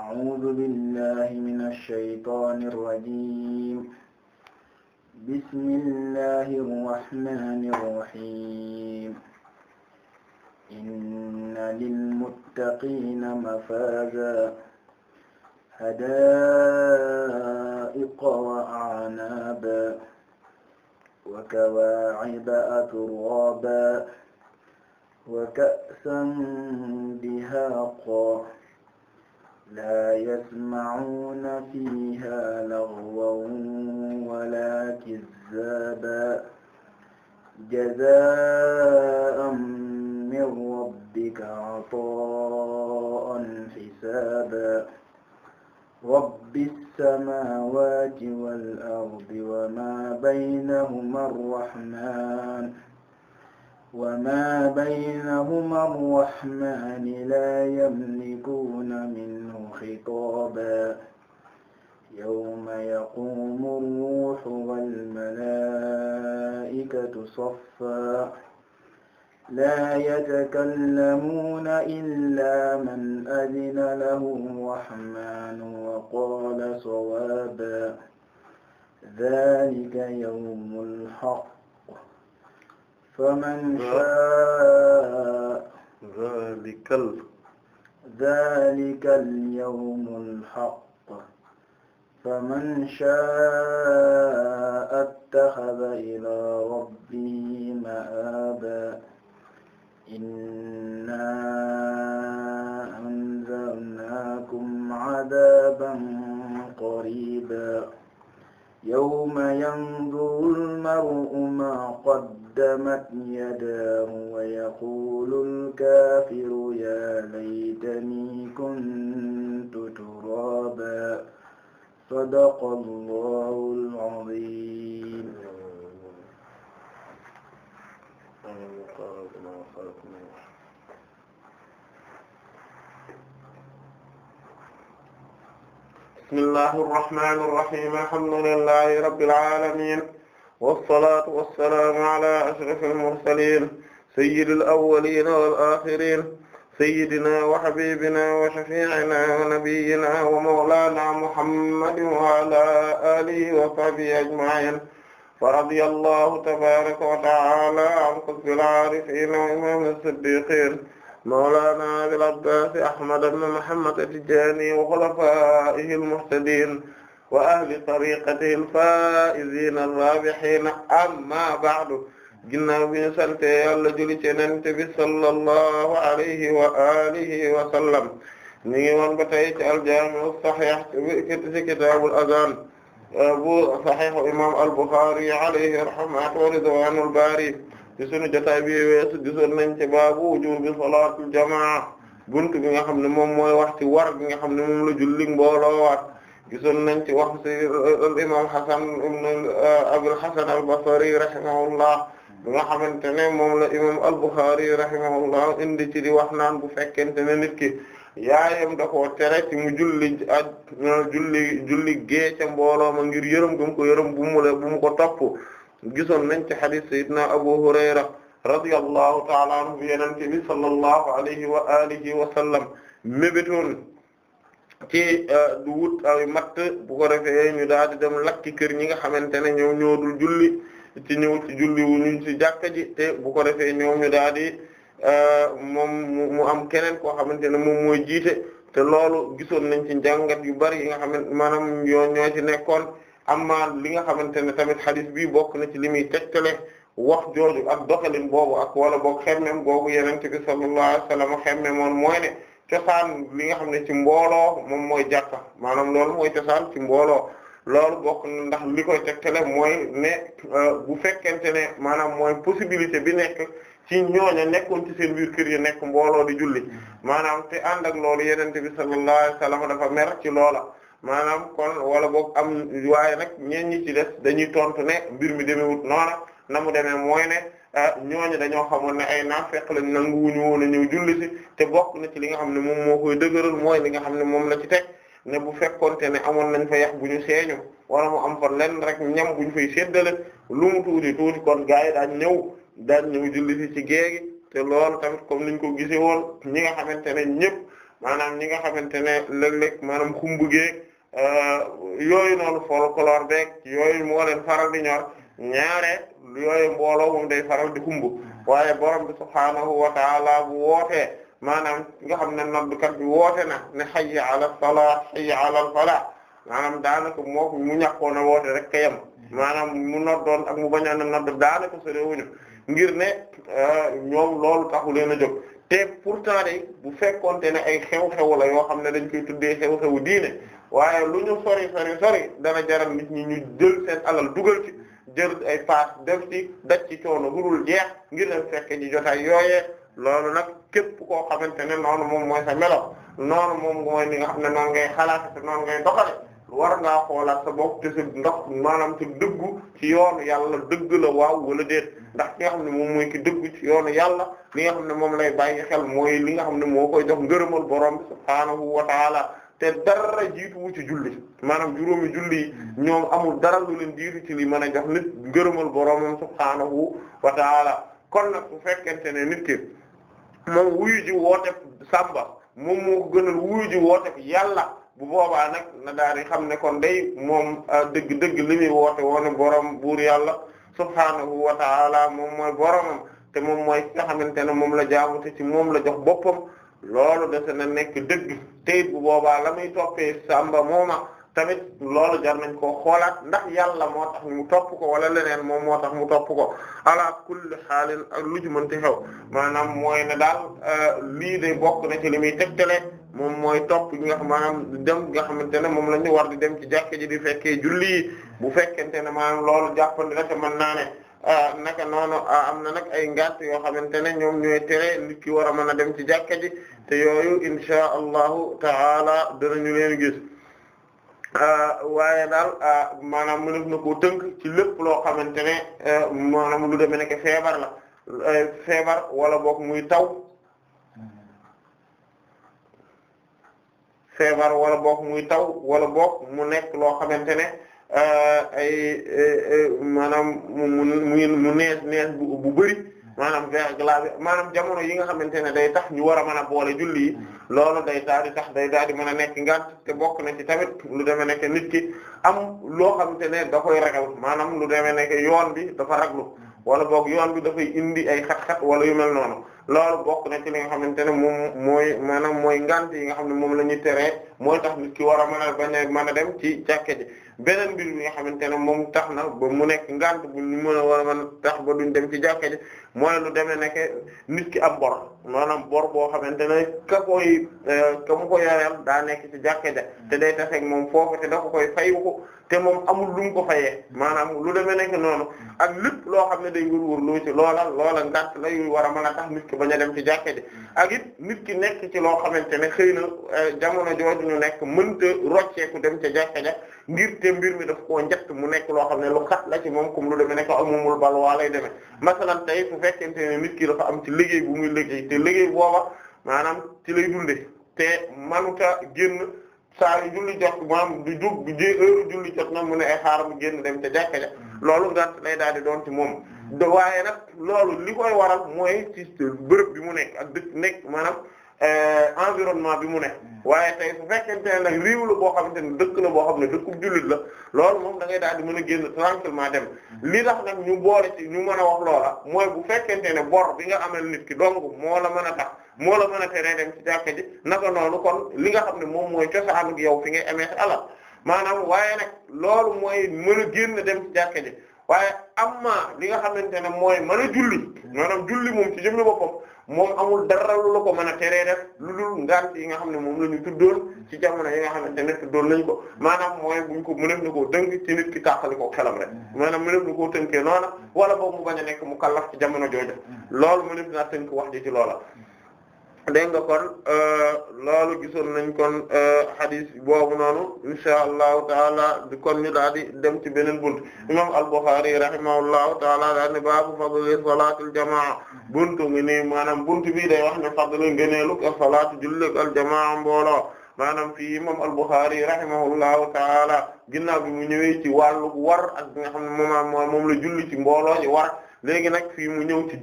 أعوذ بالله من الشيطان الرجيم بسم الله الرحمن الرحيم إن للمتقين مفازا حدائق وأعنابا وكواعب أترابا وكأسا دهاقا لا يسمعون فيها لغوا ولا كذابا جزاء من ربك عطاء حسابا رب السماوات والأرض وما بينهما الرحمن وما بينهما الرحمن لا يملكون منه خطابا يوم يقوم الروح والملائكة صفا لا يتكلمون إلا من أذن له الرحمن وقال صوابا ذلك يوم الحق فمن شاء ذلك ذلك اليوم الحق فمن شاء اتخذ إلى ربه مآبا إنا أنذرناكم عذابا قريبا يوم ينظر المرء ما قدم فقدمت يداه ويقول الكافر يا ليتني كنت ترابا صدق الله العظيم بسم الله الرحمن الرحيم الحمد لله رب العالمين wasalaatu wasalaamu ala ashrafil mursaliin sayyidil awwaliina wal aaxiriin sayyidinaa wa habiibinaa wa shafii'inaa wa nabiyyinaa wa mawlaanaa muhammadin wa alaa aalihi wa sahbihi ajma'iin wa radiyallaahu tabaaraka wa ta'aalaa an qutbil aarifiin wa imaamil siddiqiin mawlaanaa abil abbaas ahmad ibn muhammad at-tijaani wa khulafaa'ihil muhtadiin wa ahli tariqatihi al-faa'iziina ar-raabihiina amma ba'du ginnaaw bi ñu sante Yàlla julli ci Yonent bi sallallahu alayhi wa alihi wa sallam ñu ngi woon ba tey ci al-Jaami' as-Sahiih ci kitaabul azaan bu saxiixu imaam al-Buxaari alayhi rahmatu wa ridwaanul baari ci sunu jotaay bi weesu gisoon jamaa bunt bi nga xam ne moom mooy wax ci war bi nga xam ne moom la julli gisoon nañ ci wax ci euh, al imam Hasan ibn euh, Abul Hasan al-Basri rahimahullah bi nga xamante ne moom la imam al-Bukhari indi ci di wax naan bu fekkente ne nit ki yaayam da koo tere ci mu julli ak euh, julli julli gée ca mbooloo ma ngir yërëm gum ko yërëm bu mu la bu mu ko topp gisoon nañ ci hadith sayyidina Abu Hurayra radiyallahu ta'ala anhu yenente bi sallallahu alayhi wa alihi wa sallam mébétoon ci eh, du wut ay matt bu ko defee ñu daal di dem lakki kër ñi nga xamante ne ñoom ñoo dul julli ci ñëw ci julli wu ñu ci jàkka te bu ko defee ñoom ñu daal di eh, moom mu am keneen koo xamante ne moom mooy jiite te loolu gisoon nañ ci njàngat yu bari yi nga xamante maanaam yoo ñoo ci nekkoon amma li nga xamante ne tamit hadith bi bokk na ci li muy tegtale wax jooju ak doxalin boobu ak wala boog xemmem boobu yenente bi sallallahu alayhi wasallam xemme moon mooy ne cosaan li nga xam ne ci mbooloo moom mooy jàkka maanaam loolu mooy cosaan ci mbooloo loolu bokk na ndax li koy tegtale mooy ne euh, bu fekkente ne maanaam mooy possibilité bi nekk ci ñooña nekkoon ci seen biir kër yi nekk mbooloo di julli maanaam te ànd ak loolu yenente bi sallallahu alayhi wasallam dafa mer ci loola maanaam kon wala boog am waaye nag ñeen ñi ci des dañuy tontu ne mbir mi demewut noona na mu demee mooy ne Ah, ñooñu dañoo xamoon ne ay naafeq lañ nanguwuñu woon a ñëw julli ci te bokk na ci li nga xam ne moom moo koy dëgëral mooy li nga xam ne moom la ci teg ne bu fekkonte ne amoon nañ fa yax bu ñu seeñu wala mu am fa lenn rek ñam bu ñu fay séddale lu mu tuuti tuuti kon gars yi daañ ñëw daañ ñëw julli ci ci géegi te loolu tamit comme niñ ko gisee woon ñi nga xamante ne ñëpp maanaam ñi nga xamante ne léeg-léeg maanaam xumbu géeg ah, yooyu noonu folklore beeg yooyu moo leen faral di ñor ñaare yooyu mbooloo moom day faral di xumb waaye borom bi subhaanahu wa taala bu wootee maanaam nga xam ne noddkat bi woote na ne hayya ala salaat hayya ala al falaa maanaam daanaka moo mu ñàkkoon a woote rek kayam maanaam mu noddoon ak mu bañ a nodd daanaka sorewuñu ngir ne euh, ñoom loolu taxu leen a jóg te pourtant de bu fekkoonte ne ay xew-xew la yoo xam ne dañ koy tuddee xew-xewu diine waaye lu ñu sori sori sori dana jaral nit ñu jël seen alal dugal ci jël ay paas def ci daj ci coono gudul jeex ngir dem fekk ji jotaay yooyee loolu nag képp koo xamante ne noonu moom mooy sa melo noonu moom mooy li nga xam ne noonu ngay xalaat te noonu ngay doxale war ngaa xoolaat sa bopp te sa ndox maanaam ci dëggu ci yoon yàlla dëgg la waaw wala déet ndax ki nga xam ne moom mooy ki dëggu ci yoon yàlla li nga xam ne moom lay bàyyi xel mooy li nga xam ne moo koy jox ngërëmal borom subhaanahu wa te dara jiituwu ci julli maanaam juróomi julli ñoom amul dara lu leen jiitu ci li mën a jox nit ngërëmal boroomam subhaanahu wa taala kon nag su fekkente ne nit ki moom wuyu ji woote sàmba moom moo ko gënal ji woote yàlla bu boobaa nag na daal di xam ne kon day moom ah, dëgg dëgg li muy woote woone boroom buur yàlla subhaanahu wa taala moom mooy boroomam te moom mooy nga xamante ne moom la jaamu te ci moom la jox boppam loolu dese na nekk dëgg tey bu boobaa la muy toppee sàmba mooma tamit loolu jar nañ ko xoolaat ndax yàlla moo tax mu topp ko wala leneen moom moo tax mu topp ko ala kulli xaalin ak lu ci mënti xew maanaam mooy ne daal euh, lii de bokk na ci li muy tegtale moom mooy topp ñi nga xam maanaam dem nga xamante ne moom la ñu war di dem ci jàkka ji di fekkee julli bu fekkente ne maanaam loolu jàppandi rek mën naa a ah, naka noonu ah, am na nag ay ngant yoo xamante ne ñoom ñooy tere nit ki a mën dem ci jàkka ji te yooyu insha allahu taala danañu leen gis ah, waaye daal maanaam mënef na koo tënk ci lépp loo xamante ne eh, maanaam lu demee nekk feebar la eh, feebar wala boog muy taw feebar wala boog muy taw wala boog mu nekk loo xamante ne Euh, ay maanaam mu mu nees nees bu bu bëri maanaam verre glacé maanaam jamono yi nga xamante ne day tax ñu war a mën a boole julli yi loolu day daal di tax day daal di mën a nekk ngant te bokk na ci tamit lu demee nekk nit ki am loo xam ne da koy ragal maanaam lu demee nekk yoon bi dafa raglu wala boog yoon bi dafay indi ay xat-xat wala yu mel noonu loolu bokk na ci li nga xamante ne moom mooy maanaam mooy ngant yi nga xam ne moom la ñuy teree mooy tax nit ki war a mën a bañ a mën dem ci jàkka ji beneen mbir mi nga xamante ne moom tax na ba mu nekk ngant bu ñu mën a war a tax ba duñ dem ci jàkka mooy lu demee nekke nit ki am bor maanaam bor boo xamante ne ka koy euh, ka mu ko yoreel daa nekk ci jàkke ja te day taseeg moom foofu te da ko koy fayu ko te moom amul lu mu ko fayee maanaam lu demee nekk noonu ak lépp loo xam ne day wër lu ci loola loola ngàtt la yu war a mën a tax nit ki bañ a dem ci jàkke ak it nit ki nekk ci loo xamante ne xëy na euh, jamono jooju ñu nekk mënta rocceeku dem ca jàkke ja ngir te mbir mi daf koo njett mu nekk loo xam ne lu xat la ci moom comme lu demee nekk amumul balwaa lay demee masalan tey fekkente ne nit ki dafa am ci liggéey bu muy liggéey te liggéey booba maanaam ci lay dunde te manuta génn saa yu julli jot maanaam du jóg du jé heure julli jot nag mu ne ay xaaram génn dem ca jàkka ja mm. loolu ngant lay daal di doon ci moom waaye nag loolu li koy waral mooy ci bërëb bi mu nekk ak dëkk nekk maanaam Euh, environnement bi mu ne hmm. waaye tey su fekkente ne nag réew la boo xamante ne dëkk na boo xam ne dëkkub jullit la loolu moom da ngay daal di mën a génn tranquillement dem hmm. li tax nag ñu boole ci ñu mën a wax loola mooy bu fekkente ne bor bi nga amal nit ki dong moo la mën a tax moo la mën a teree dem ci ji naka noonu kon li nga xam ne moom mooy cosaanu yow fi ngay amee sa alal maanaam waaye nag loolu mooy mën a génn dem ci jàkka waaye am na li nga xamante ne mooy mën a julli hmm. maanaam julli moom ci jëm boppam moom amul dara lu la ko mën a teree def lu dul ngant yi nga xam ne moom la ñu tuddoon ci jamono yi nga xamante ne tuddoon nañ ko maanaam mooy buñ ko mënef na koo dëng ci nit ki tàqali ko xelam rek maanaam mënef na koo tënkee noona wala boobu mu bañ a nekk mu kallaf ci jamono jooju mm. loolu mënef naa tënk wax ji ci loola dégg nga kon euh, loolu gisoon nañ kon euh, hadis boobu noonu insha allahu taala kon ñu daal di dem ci beneen bunt imam al-Bukhari rahimahullahu taala daal ne baabu fadli salaatul jamaa buntu ngi nii maanaam bunt bi day wax ne fadli ngëneelu salaatu julleg aljamaa mboolo maanaam fi imam al-Bukhari rahimahullahu taala ginnaaw bi mu ñëwee ci wàllu war ak bi nga xam ne moom julli ci mboolo yi war léegi nag fii mu ñëw ci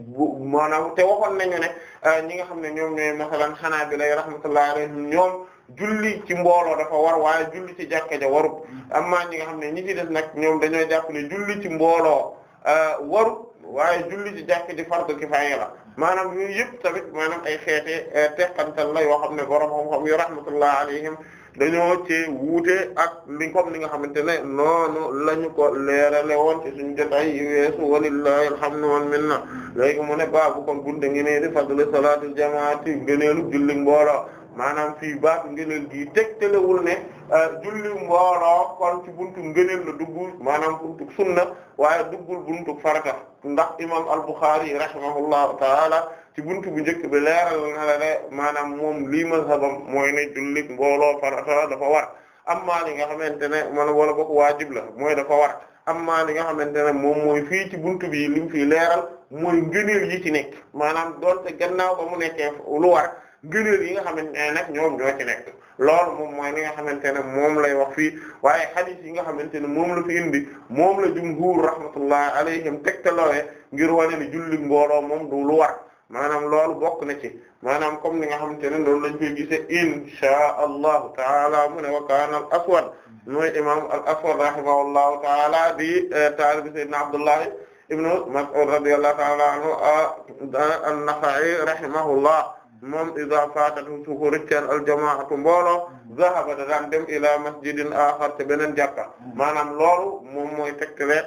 maanaam te waxoon nañu ne euh, ñi nga xam ne ñoom ñooy masalan Hanaabila rahmatullahi alayhim ñoom julli ci mbooloo dafa war waaye julli ci jàkka ja warut mm-hmm. amma ñi nga xam ne ñi ci des nag ñoom dañoo julli ci mbooloo euh, warut waaye julli ci jàkka ji fardu kifaaya la maanaam ñun yëpp tamit maanaam ay xeete euh, teqantal la yoo xam ne borom xam-xam yu rahmatullah alayhim dañoo ci wuute ak li ko li nga xamante ne noonu lañu ko leerale woon ci suñu jotaay yi weesu walillahi alhamdu wal minna léegi mu ne baabu kon bunte ngi nee di fadlu salaatul jamaati ngëneelu julli mbooloo maanaam fii baat ngëneel gi tegtalewul ne euh, julli mbooloo kon ci buntu ngëneel la duggul maanaam buntu waaye duggul buntu farata ndax imam al-Bukhari rahimahullahu taala ci buntu bu njëkk bi leeral na la ne maanaam moom lii mazhabam mooy ne julli mbooloo farata dafa war amma li nga xamante ne man wala boog waajib la mooy dafa war amma li nga xamante ne moom mooy fii ci buntu bi li mu fii leeral mooy ngëneel yi ci nekk maanaam doonte gannaaw ba mu nekkee lu war yi nga xamante ne nag ñoom ñoo ci nekk loolu moom mooy li nga xamante ne moom lay wax fii waaye hadith yi nga xamante ne moom la fi indi moom la jumhur rahmatullah alayhim tegtaloowe ngir wane ne julli mbooloo moom du maanaam loolu bokk na ci maanaam comme ni nga xamante ne loolu lañ koy gisee taala mu ne wa kaana al aswad mooy imam al aswad rahimahullahu taala di eh, taalibi sayyidina abdullahi ibnu mas'ud radiyallahu moom ida fatatu su ko rëcceel aljamaatu mbooloo zahaba da daan dem ila masjidin axar te beneen jàkka maanaam loolu moom mooy tegtale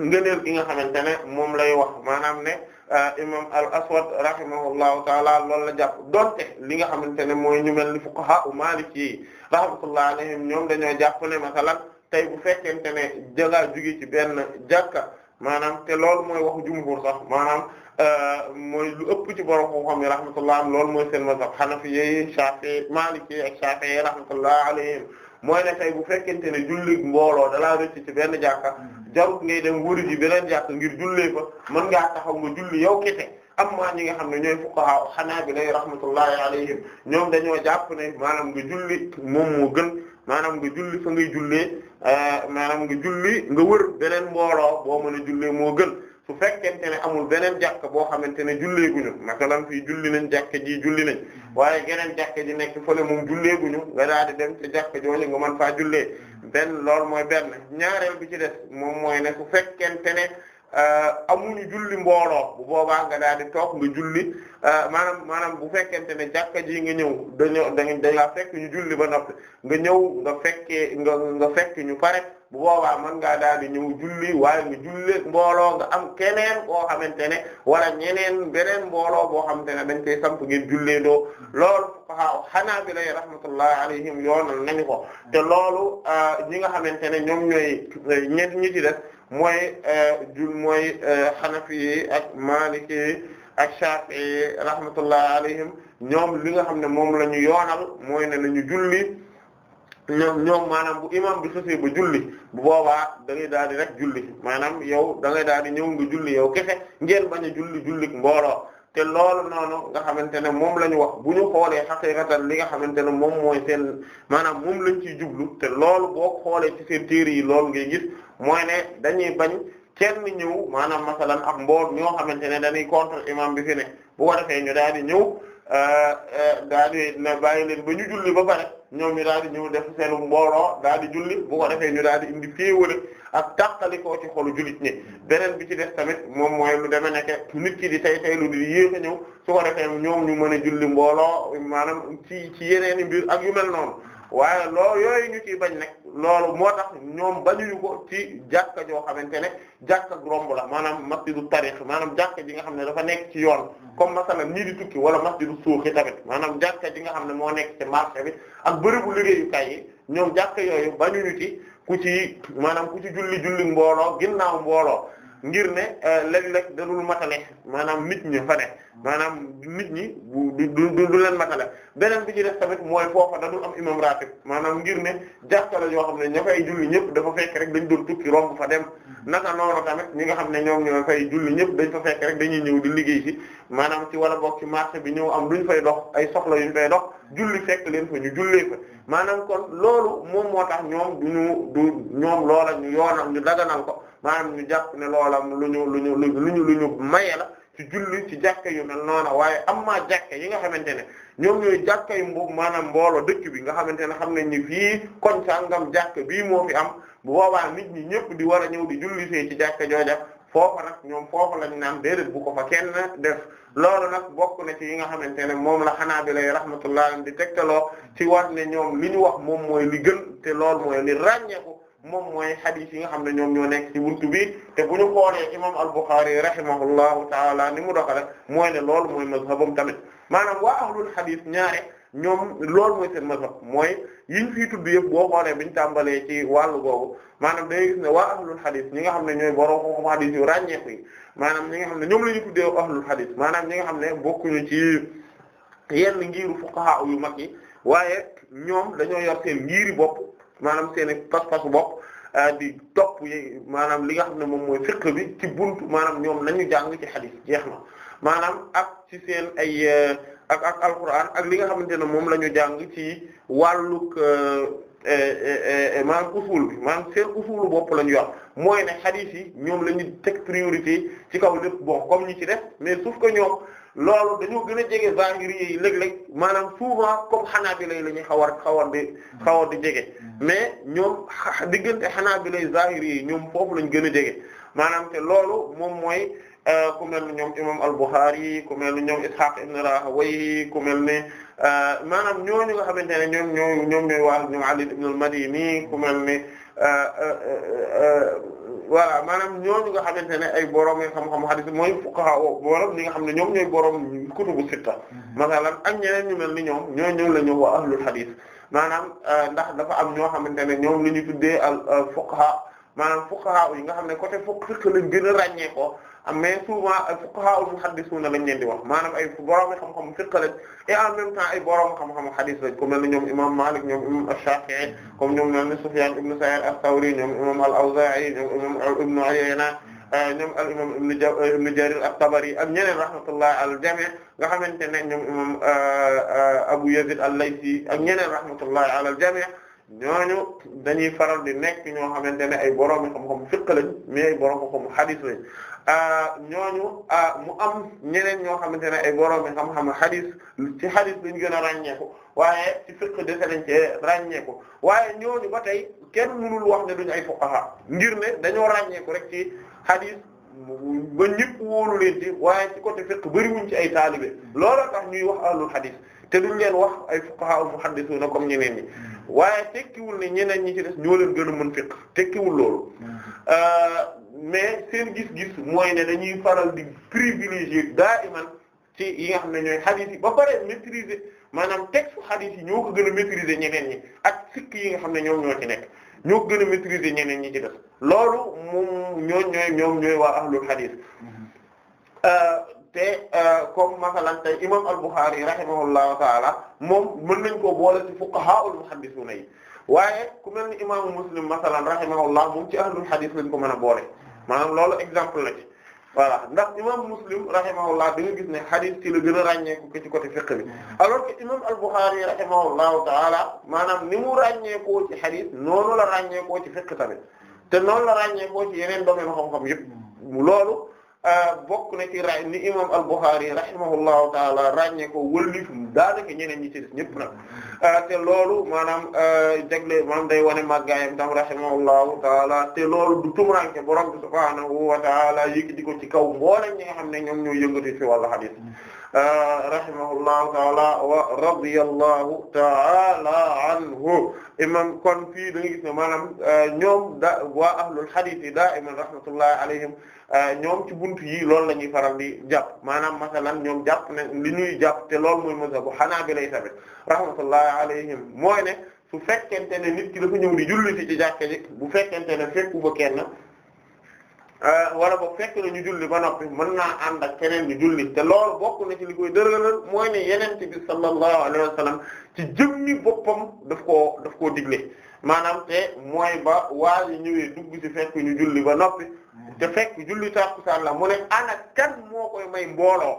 ngëneel gi nga xamante ne moom lay wax maanaam ne Euh, imam al aswad rahimahullahu taala loolu la jàpp donte li nga xamante ne mooy ñu mel ni fuqaha u maliki yi rahmatullahi alayhim ñoom dañoo jàpp ne masalan tey bu fekkente ne jëlaa jóge ci benn jàkka maanaam te loolu mooy waxu jumhur sax maanaam euh, mooy lu ëpp ci borom xam-xam yi rahmatullah am loolu mooy seen mazhab xanafi yi shafi maliki yi ak shafi yi rahmatullah alayhim mooy ne tey bu fekkente ne julli mbooloo dalaa rëcc ci benn jàkka jarut ngay dem wëri ji beneen jàkk ngir julle fa mën ngaa taxaw nga julli yow kete amma ñi nga xam ne ñooy fuqaha hanabila rahmatullahi alayhim ñoom dañoo jàpp ne maanaam nga julli moom moo gën maanaam nga julli fa ngay jullee eh, maanaam nga julli nga wër beneen mbooloo boo mën a jullee moo gën su fekkente ne amul beneen jàkk boo xamante ne jullee guñu masalan fii julli nañ jàkk ji julli nañ waaye geneen jàkka ji nekk fële moom jullee guñu nga daal di dem ci jàkka jooju nga mën faa jullee mm. benn loolu mooy benn ñaareel bi ci des moom mooy ne su fekkente ne Euh, amuñu julli mbooloo bu boobaa nga daal di toog nga julli euh, maanaam maanaam bu fekkente ne jàkka ji nga ñëw dañoo dañ dañ laa fekk ñu julli ba noppi nga ñëw nga fekkee nga nga fekk ñu pare bu boobaa mën ngaa daal di ñëw julli waaye nga julleeg mbooloo nga am keneen koo xamante ne wala ñeneen beneen mbooloo boo xamante ne dañ koy samp ngeen jullee doo loolu xanaa Hanaabila rahmatullahi alayhim yoonal nañu ko te loolu euh, ñi nga xamante ne ñoom ñooy ñetti ñi ci def. mooy jul euh, mooy xanafi euh, ak maliki yi ak shafi'i rahmatullah alayhim ñoom li nga xam ne moom la ñu yoonal mooy ne nañu julli ñoom ñoom maanaam bu imam bi sosee ba julli bu boobaa da ngay daal di rek julli maanaam yow da ngay daal di ñëw nga julli yow kese ngeen bañ a julli jullik mbooloo te loolu noonu nga xamante ne moom la ñu wax bu ñu xoolee xaqiiqatan li nga xamante ne moom mooy seen maanaam moom lañ ciy jublu te loolu boo xoolee ci seen téere yi loolu ngay gis mooy ne dañuy bañ kenn ñëw maanaam masalan ak mbool ñoo xamante ne dañuy contre imam bi fi ne bu ko defee ñu daal di ñëw euh, euh, daal di na bàyyi leen ba ñu julli ba pare ñoom ñu daal di ñëw def seen mbooloo daal di julli bu ko defee ñu daal di indi féewale ak tàqalikoo ci xolu jullit ñi beneen bi ci def tamit moom mooy lu deme nekk nit ki di tay tay lu di yéex a ñëw su ko defee ñoom ñu mën a julli mbooloo maanaam ci ci yeneeni mbir ak yu mel noonu waaye loolu yooyu ñu ciy bañ nag loolu moo tax ñoom bañuñu ko ci jàkka joo xamante ne jàkka romb la maanaam masjidu tariq maanaam jàkka ji nga xam ne dafa nekk ci yoon comme masalan ñii di tukki wala masjidu suuxi tamit maanaam jàkka ji nga xam ne moo nekk ci marché bi ak bërëbu liggéeyukaay yi ñoom jàkka yooyu bañuñu ci ku ci maanaam ku ci julli julli mbooloo ginnaaw mbooloo ngir ne euh, léeg-léeg da dul matale maanaam nit ñi fa ne hmm. maanaam nit ñi du du du leen matale beneen bi ci def tamit mooy foofa da dul am imam ratib maanaam ngir ne jàkka yoo xam ne ña fay julli ñëpp dafa fekk rek dañ doon tukki romb fa dem hmm. naka noonu tamit ñi nga xam ne ñoom ñoo fay julli ñëpp dañ fa fekk rek dañuy ñëw di liggéey ci maanaam ci wala bokk ci marché bi ñëw am lu ñu fay dox ay soxla yu ñu fay dox julli fekk leen fa ñu jullee fa maanaam kon loolu moom moo tax ñoom du ñu du ñoom loola ñu yoonal ñu daganal ko maanaam ñu jàpp ne loolam lu ñu lu ñu lu ñu lu ñu maye la ci julli ci jàkka yu mel noona waaye am maa jàkka yi nga xamante ne ñoom ñooy jàkk yu mbu maanaam mbooloo dëkk bi nga xamante ne xam nañ ni fii koñ sangam jàkka bii moo fi am bu boobaa nit ñi ñëpp di war a ñëw di julli see ci jàkka jooja foofa nag ñoom foofu lañ naan déedéet bu ko fa kenn def loolu nag bokk na ci yi nga xamante ne moom la xanaa bi lay rahmatullah di tegtaloo ci wax ne ñoom li ñu wax moom mooy li gën te loolu ràññeeku moom mooy hadith yi nga xam ne ñoom ñoo nekk ci buntu bi te bu ñu xoolee imam al-Bukhari rahimahullahu taala ni mu doxale mooy ne loolu mooy mazhabam tamit maanaam waa ahlul hadith ñaare ñoom loolu mooy seen mazhab mooy yiñ fii tudd yëpp boo xoolee biñ tàmbalee ci wàllu googu maanaam dañuy gis ne waa ahlul hadith ñi nga xam ne ñooy borom xam hadith yu ràññeeku yi maanaam ñi nga xam ne ñoom la ñu tuddee ahlul hadith maanaam ñi nga xam ne bokkuñu ci yenn ngiiru fuqaha yu mag yi waaye ñoom dañoo yor seen ngiiri bopp maanaam seen i pas bopp euh, di topp yi maanaam li nga xam ne moom mooy fiqh bi ci bunt maanaam ñoom nañu jàng ci xadis jeex na maanaam ak ci seen ay euh, ak ak ak li nga xamante ne moom la ñu jàng ci wàllug euh, maanaam usul bi maanaam seen usulu bopp la ñu yor mooy ne xadis yi ñoom la ñu teg priorité ci kaw lépp bon comme ñi ci def mais sauf ko ñoom. loolu dañoo gën a jege zahiri yi léeg-léeg maanaam souvent comme xanaa yi la ñuy xaw a xaw a di jege mais ñoom diggante xanaa xanaabila yi zahiri yi ñoom foofu lañ gën a jege maanaam te loolu moom mooy euh, ku mel ne ñoom imam al-Bukhari ku mel ne ñoom Ishaq ibn Rahawayh ku mel ne euh, maanaam ñooñu nga xamante ne ñoom ñoo ñoom ñooy waa ñoom Ali ibn al-Madini ku mel ne Euh, euh, euh, voilà maanaam ñooñu nga xamante ne ay borom yi xam-xam hadith mooy fuqaha borom ñi nga xam ne ñoom ñooy borom kutubu sitta mm-hmm. masalan ak ñeneen ñu mel ni ñoom ñoo la ñu waa ahlul hadith maanaam ndax dafa am ñoo xamante ne ñoom la ñu tuddee al fuqaha maanaam fuqaha yi nga xam ne côté fukk lañ gën a ràññee mais souvent ay euh, fuqaha ul muhaddisuna lañ leen di wax maanaam ay borom xam-xam fiqh lañ et en même ay borom xam-xam hadith lañ comme mel ni ñoom imam Malik ñoom imam Ash-Shafi'i comme ñoom mel ni Sufyan ibn Sa'id ath-Thawri ñoom imam al-Awza'i ñoom imam ibn Uyayna euh, ñoom euh, ak ñeneen rahmatullah al jami' nga xamante ne ñoom imam Abu Yazid al-Laythi ak ñeneen rahmatullah ala al jami' ñooñu dañuy faral di nekk ñoo xamante ne ay borom xam-xam fiqh lañ mais ay borom xam-xam hadith lañ ñooñu mu am ñeneen ñoo xamante ne ay borom xam-xam hadith ci hadith lañ gën a ràññeeku waaye ci fiqh dese lañ cee ràññeeku waaye ñooñu ba tey kenn mënul wax ne duñu ay fuqaha ngir ne dañoo ràññeeku rek ci hadith ba ñëpp wóolu leen ci waaye ci côté fiqh bëriwuñ ci ay taalibe looloo tax ñuy wax ahlul hadith te duñ leen wax ay fuqaha na comme ñeneen ñi hmm. waaye tekkiwul ne ñeneen ñi ci des ñoo leen gën a mën fiqh tekkiwul loolu. Hmm. Euh, mais seen gis-gis mooy ne dañuy faral di privilégier daa iman ci yi nga xam ne ñooy hadith yi ba pare manaam maanaam texte hadith yi ñoo ko gën a maîtriser ñeneen ñi ak sikk yi nga xam ne ñoom ñoo ci nekk ñoo ko gën a maîtriser ñeneen ñi ci def loolu moom ñooñ ñooy ñoom ñooy waa ahlul hadith mm-hmm. euh, te euh, comme masalan tey imam al-Bukhari rahimahullahu taala moom mën nañ koo boole ci fuqahaul muhaddisuna yi waaye ku mel ni imaamu Muslim masalan rahimahullah moom ci ahlul hadith lañ ko mën a boole maanaam loolu exemple la ci voilà ndax imam muslim rahimahullah da nga gis ne hadith ci la gën a ràññeeku ko ci côté fiqh bi alors que imam al-Bukhari rahimahullahu taala maanaam ni mu ràññeekoo ci hadith noonu la ràññeekoo ci fiqh tamit te noonu la ràññeekoo ci yeneen domaine xam-xam yëpp loolu Euh, bokk na ci raaj ni imam al-Bukhari rahimahullahu taala ràññee ko wëlif daanaka ñeneen ñi ci des ñëpp nag euh, te loolu maanaam euh, jagle maanaam day wane màggaayam tam rahimahullahu taala te loolu du tumuranke borom bi subhaanahu wa taala yëkkati ko ci kaw mboolem ñi nga xam ne ñoom ñoo yëngati ci wàllu hadith rahimahullahu taala wa radiyallahu taala anhu imam kon fii da nga gis ne maanaam euh, ñoom da waa ahlul hadith yi daa iman rahmatullahi alayhim euh, ñoom ci buntu yi loolu la ñuy faral di jàpp maanaam masalan ñoom jàpp ne li ñuy jàpp te loolu mooy mazhabu hanaabila yi tamit rahmatullahi alayhim mooy ne su fekkente ne nit ki dafa ñëw di julli ci jàkka bu fekkente ne fekku ba kenn Euh, wala boog fekk na ñu julli ba noppi mën naa ànd keneen ñu julli te loolu bokk na ci li koy dërëral mooy ne yeneen bi sallallahu alayhi wa sallam ci jëmmi boppam daf koo daf koo digle maanaam te mooy ba waa yi ñëwee dugg ci fekk ñu julli ba noppi te fekk julli tàkkusaan la mu ne ana kan moo koy may mbooloo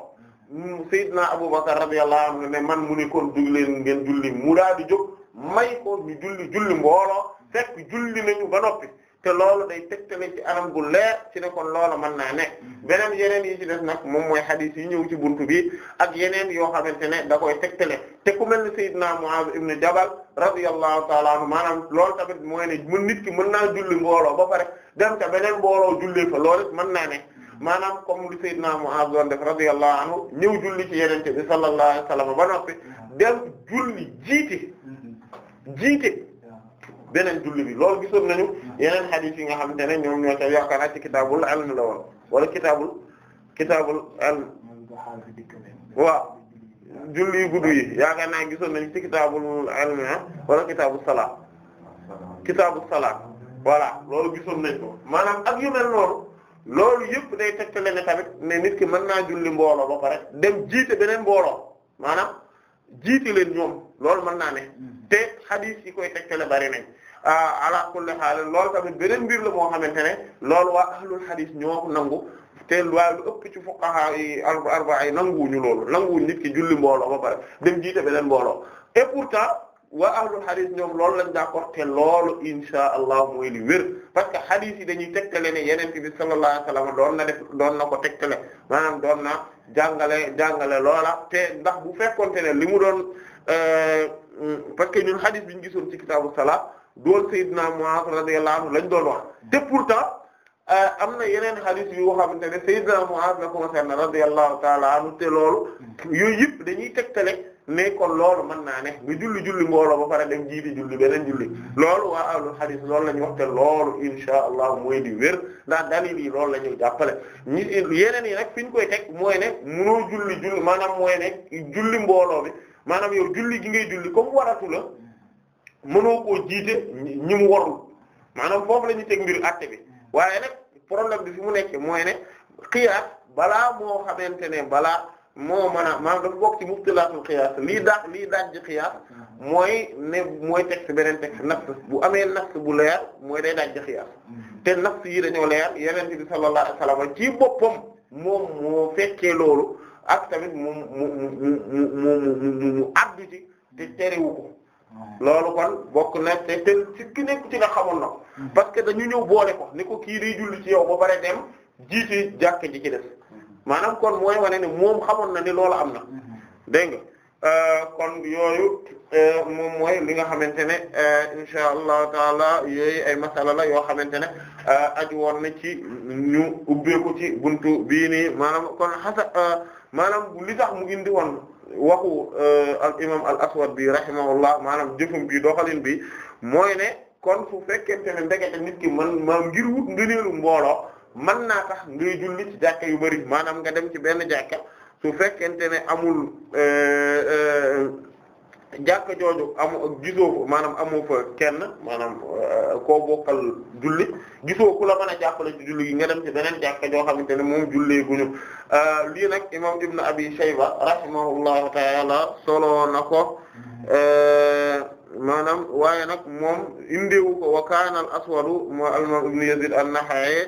mm, Seydina Abubakar radiyallahu anhu ne man mu ne kon dugg ngeen julli mu daal di jóg may ko ñu julli julli mboolo fekk julli nañu ba noppi. te loolu day tegtale ci anam bu leer ci ne kon loolu mën naa ne mm-hmm. beneen yeneen yi ci des nag moom mooy xadiis yi ñëw ci buntu bi ak yeneen yoo xamante ne da koy tegtale te ku mel ni Seydina Muaz ibn Jabal radiyallahu ta'ala anhu maanaam loolu tamit mooy ne mën nit ki mën naa julli mbooloo ba pare dem ta beneen mbooloo julli fa loolu mën naa ne mm-hmm. maanaam comme li Seydina Muaz doon def radiyallahu anhu julli ci yenente bi sallallahu alayhi wa sallam ba noppi mm-hmm. dem julli jiite jiite beneen bi loolu gisoon yeneen hadith yi nga xamante ne ñoom ñoo ca yaakaar naa ci kitaabul ilm la woon wala kitaabul kitaabul ilm waaw julli guddu yi yaakaar naa gisoon nañ ci kitaabul ilm ah, wala kitaabul salaat kitaabul salaat voilà loolu gisoon nañ ko maanaam ak yu mel noonu loolu yëpp day tegtale ne tamit ne nit ki mën naa julli mbooloo ba pare dem jiite beneen mbooloo maanaam jiite leen ñoom loolu mën naa ne mm-hmm. te hadith yi koy tegtale bari nañ Ah, ala kulli haal loolu tamit beneen mbir la moo xamante ne loolu waa ahlul hadis ñoo nangu te waaye lu ëpp ci fuqaha yi arba'a yi nanguwuñu loolu nanguwuñu nit ki julli mbooloo ba pare dem jiite beneen mbooloo et pourtant waa ahlul hadis ñoom loolu lañ d'accord te loolu insha allah mooy li wér parce que hadis yi dañuy tegtale ne yeneen bi sallallahu alayhi wasallam doon na def doon na ko tegtale maanaam doon na jàngale jàngale loola te ndax bu fekkonte ne li mu doon euh, parce que ñun hadis bi ñu gisoon ci kitaabu salaat dool Seydina Mu'aaz radiyallahu anhu lañ doon wax te pourtant euh, am na yeneen hadith yu xamante ne Seydina Mu'aaz la concerne radiyallahu ta'ala anhu te loolu yooyu yëpp dañuy tegtale ne kon loolu mën naa ne nga julli julli mbooloo ba pare dem jiiti julli beneen julli loolu waa ahlul hadith loolu la ñu wax te loolu insha allah mooy di wér ndax dalil yi loolu la ñuy jàppale ñi yeneen yi nag fi ñu koy teg mooy ne munoo julli julli maanaam mooy ne julli mbooloo bi maanaam yow julli gi ngay julli comme waratu la mënoo koo jiite ñi mu warul maanaam foofu la ñu teg mbiru àtte bi waaye nag problème bi fi mu nekk mooy ne xiyaas balaa moo xamante ne balaa moo mën a maanaam dafa bokk ci muftilaatul xiyaas lii daax lii daaj ji xiyaas mooy ne mooy texte beneen texte nafs bu amee nafs bu leer mooy day daaj ji xiyaas te nafs yi dañoo leer yeneen bi sallallahu alayhi wasallam ci boppam moom moo fekkee loolu ak tamit mu mu mu mu mu mu addu ci te ko loolu kon bokk na te te ci ki nekk ti nga xamoon na ko mm-hmm. parce que dañu ñëw boole ko ni ko kii day julli ci yow ba pare dem jiiti jàkk ji ci def mm-hmm. maanaam kon mooy wane ne moom xamoon na ni loolu am na mm-hmm. dégg nga euh, kon yooyu euh, moom mooy li nga xamante ne euh, insha allahu taala yooyu ay masala la yoo xamante ne aju woon na ci ñu ubbeeku ci buntu bii nii maanaam kon xasa maanaam li tax mu indi woon waxu euh, al imam al aswad bi rahimahullah maanaam jëfum bi doxalin bi mooy ne kon fu fekkente ne ndekete nit ki man maam ngir wut ngëneelu mbooloo mën naa tax ngay julli ci jàkka yu bari maanaam nga dem ci benn jàkka su fekkente ne amul euh, euh, jàkka jooju amu gisoo ko maanaam amu kenn maanaam euh, koo bokkal julli gisoo ku la mën a julli gi nga dem ci beneen jàkka joo xamante ne moom jullee guñu euh, lii nag imam Ibn Abi Shayba rahimahullahu ta'ala solo na ko euh, maanaam waaye nag moom indiwu ko wa kaana al aswadu mo al-imam Ibn Yazid an-Naxa'i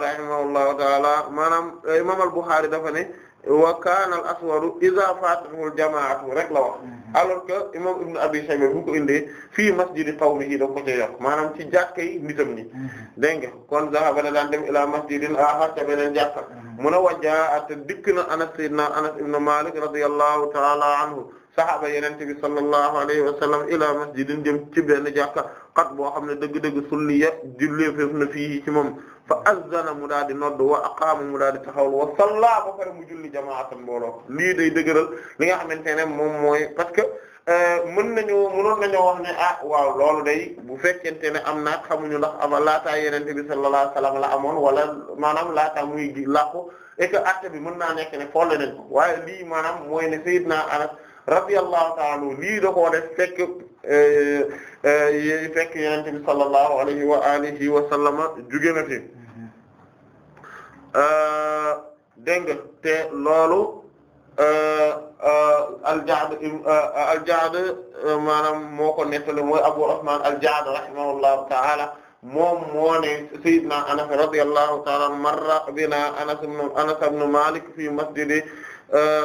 rahimahullahu ta'ala maanaam imam al dafa ne wa kaana al aswaru iza faatahu al jamaatu rek la wax mm-hmm. alors que imam ibn abi shayba bu ko indee fii masjidi qawmihi da ko ci yokk maanaam ci jàkka yi nitam ni mm-hmm. dégg nga kon zahaba na daan dem ila masjidin axar ca beneen jàkka mm-hmm. mun a wajaa at dikk na anas sayyidina anas ibn malik radiyallahu ta'ala anhu sahaaba yenente bi sallallahu alayhi wa sallam ila masjidin jëm ci benn jàkka xat boo xam ne dëgg-dëgg sulliya julleeféef na fii ci moom fa azzana mu daal di nodd wa aqaama mu daal di taxawlu wa salla ba pare mu julli jamaatan mbooloo lii day dëgëral li nga xamante ne moom mooy parce que euh, mën nañu mënoon nañoo wax ne ah waaw loolu day bu fekkente ne am naag xamuñu ndax ama laataa yenente bi sallallahu alayhi wa sallam la amoon wala maanaam laataa muy làqu et que acte bi mën naa nekk ne folle nañ ko waaye lii maanaam mooy radiyallahu ta'ala anhu lii da koo def fekk yi eh, eh, fekk yenente bi sallallahu alayhi wa alihi wa sallama jóge na fi eh, dégg nga te loolu al-Ja'd al-Ja'd maanaam moo ko nettali mooy Abu Usman al-Ja'd rahimahullahu ta'ala moom moo ne Seydina Anas radiyallahu ta'ala marra bina Anas ibn Anas ibn Malik fi masjidi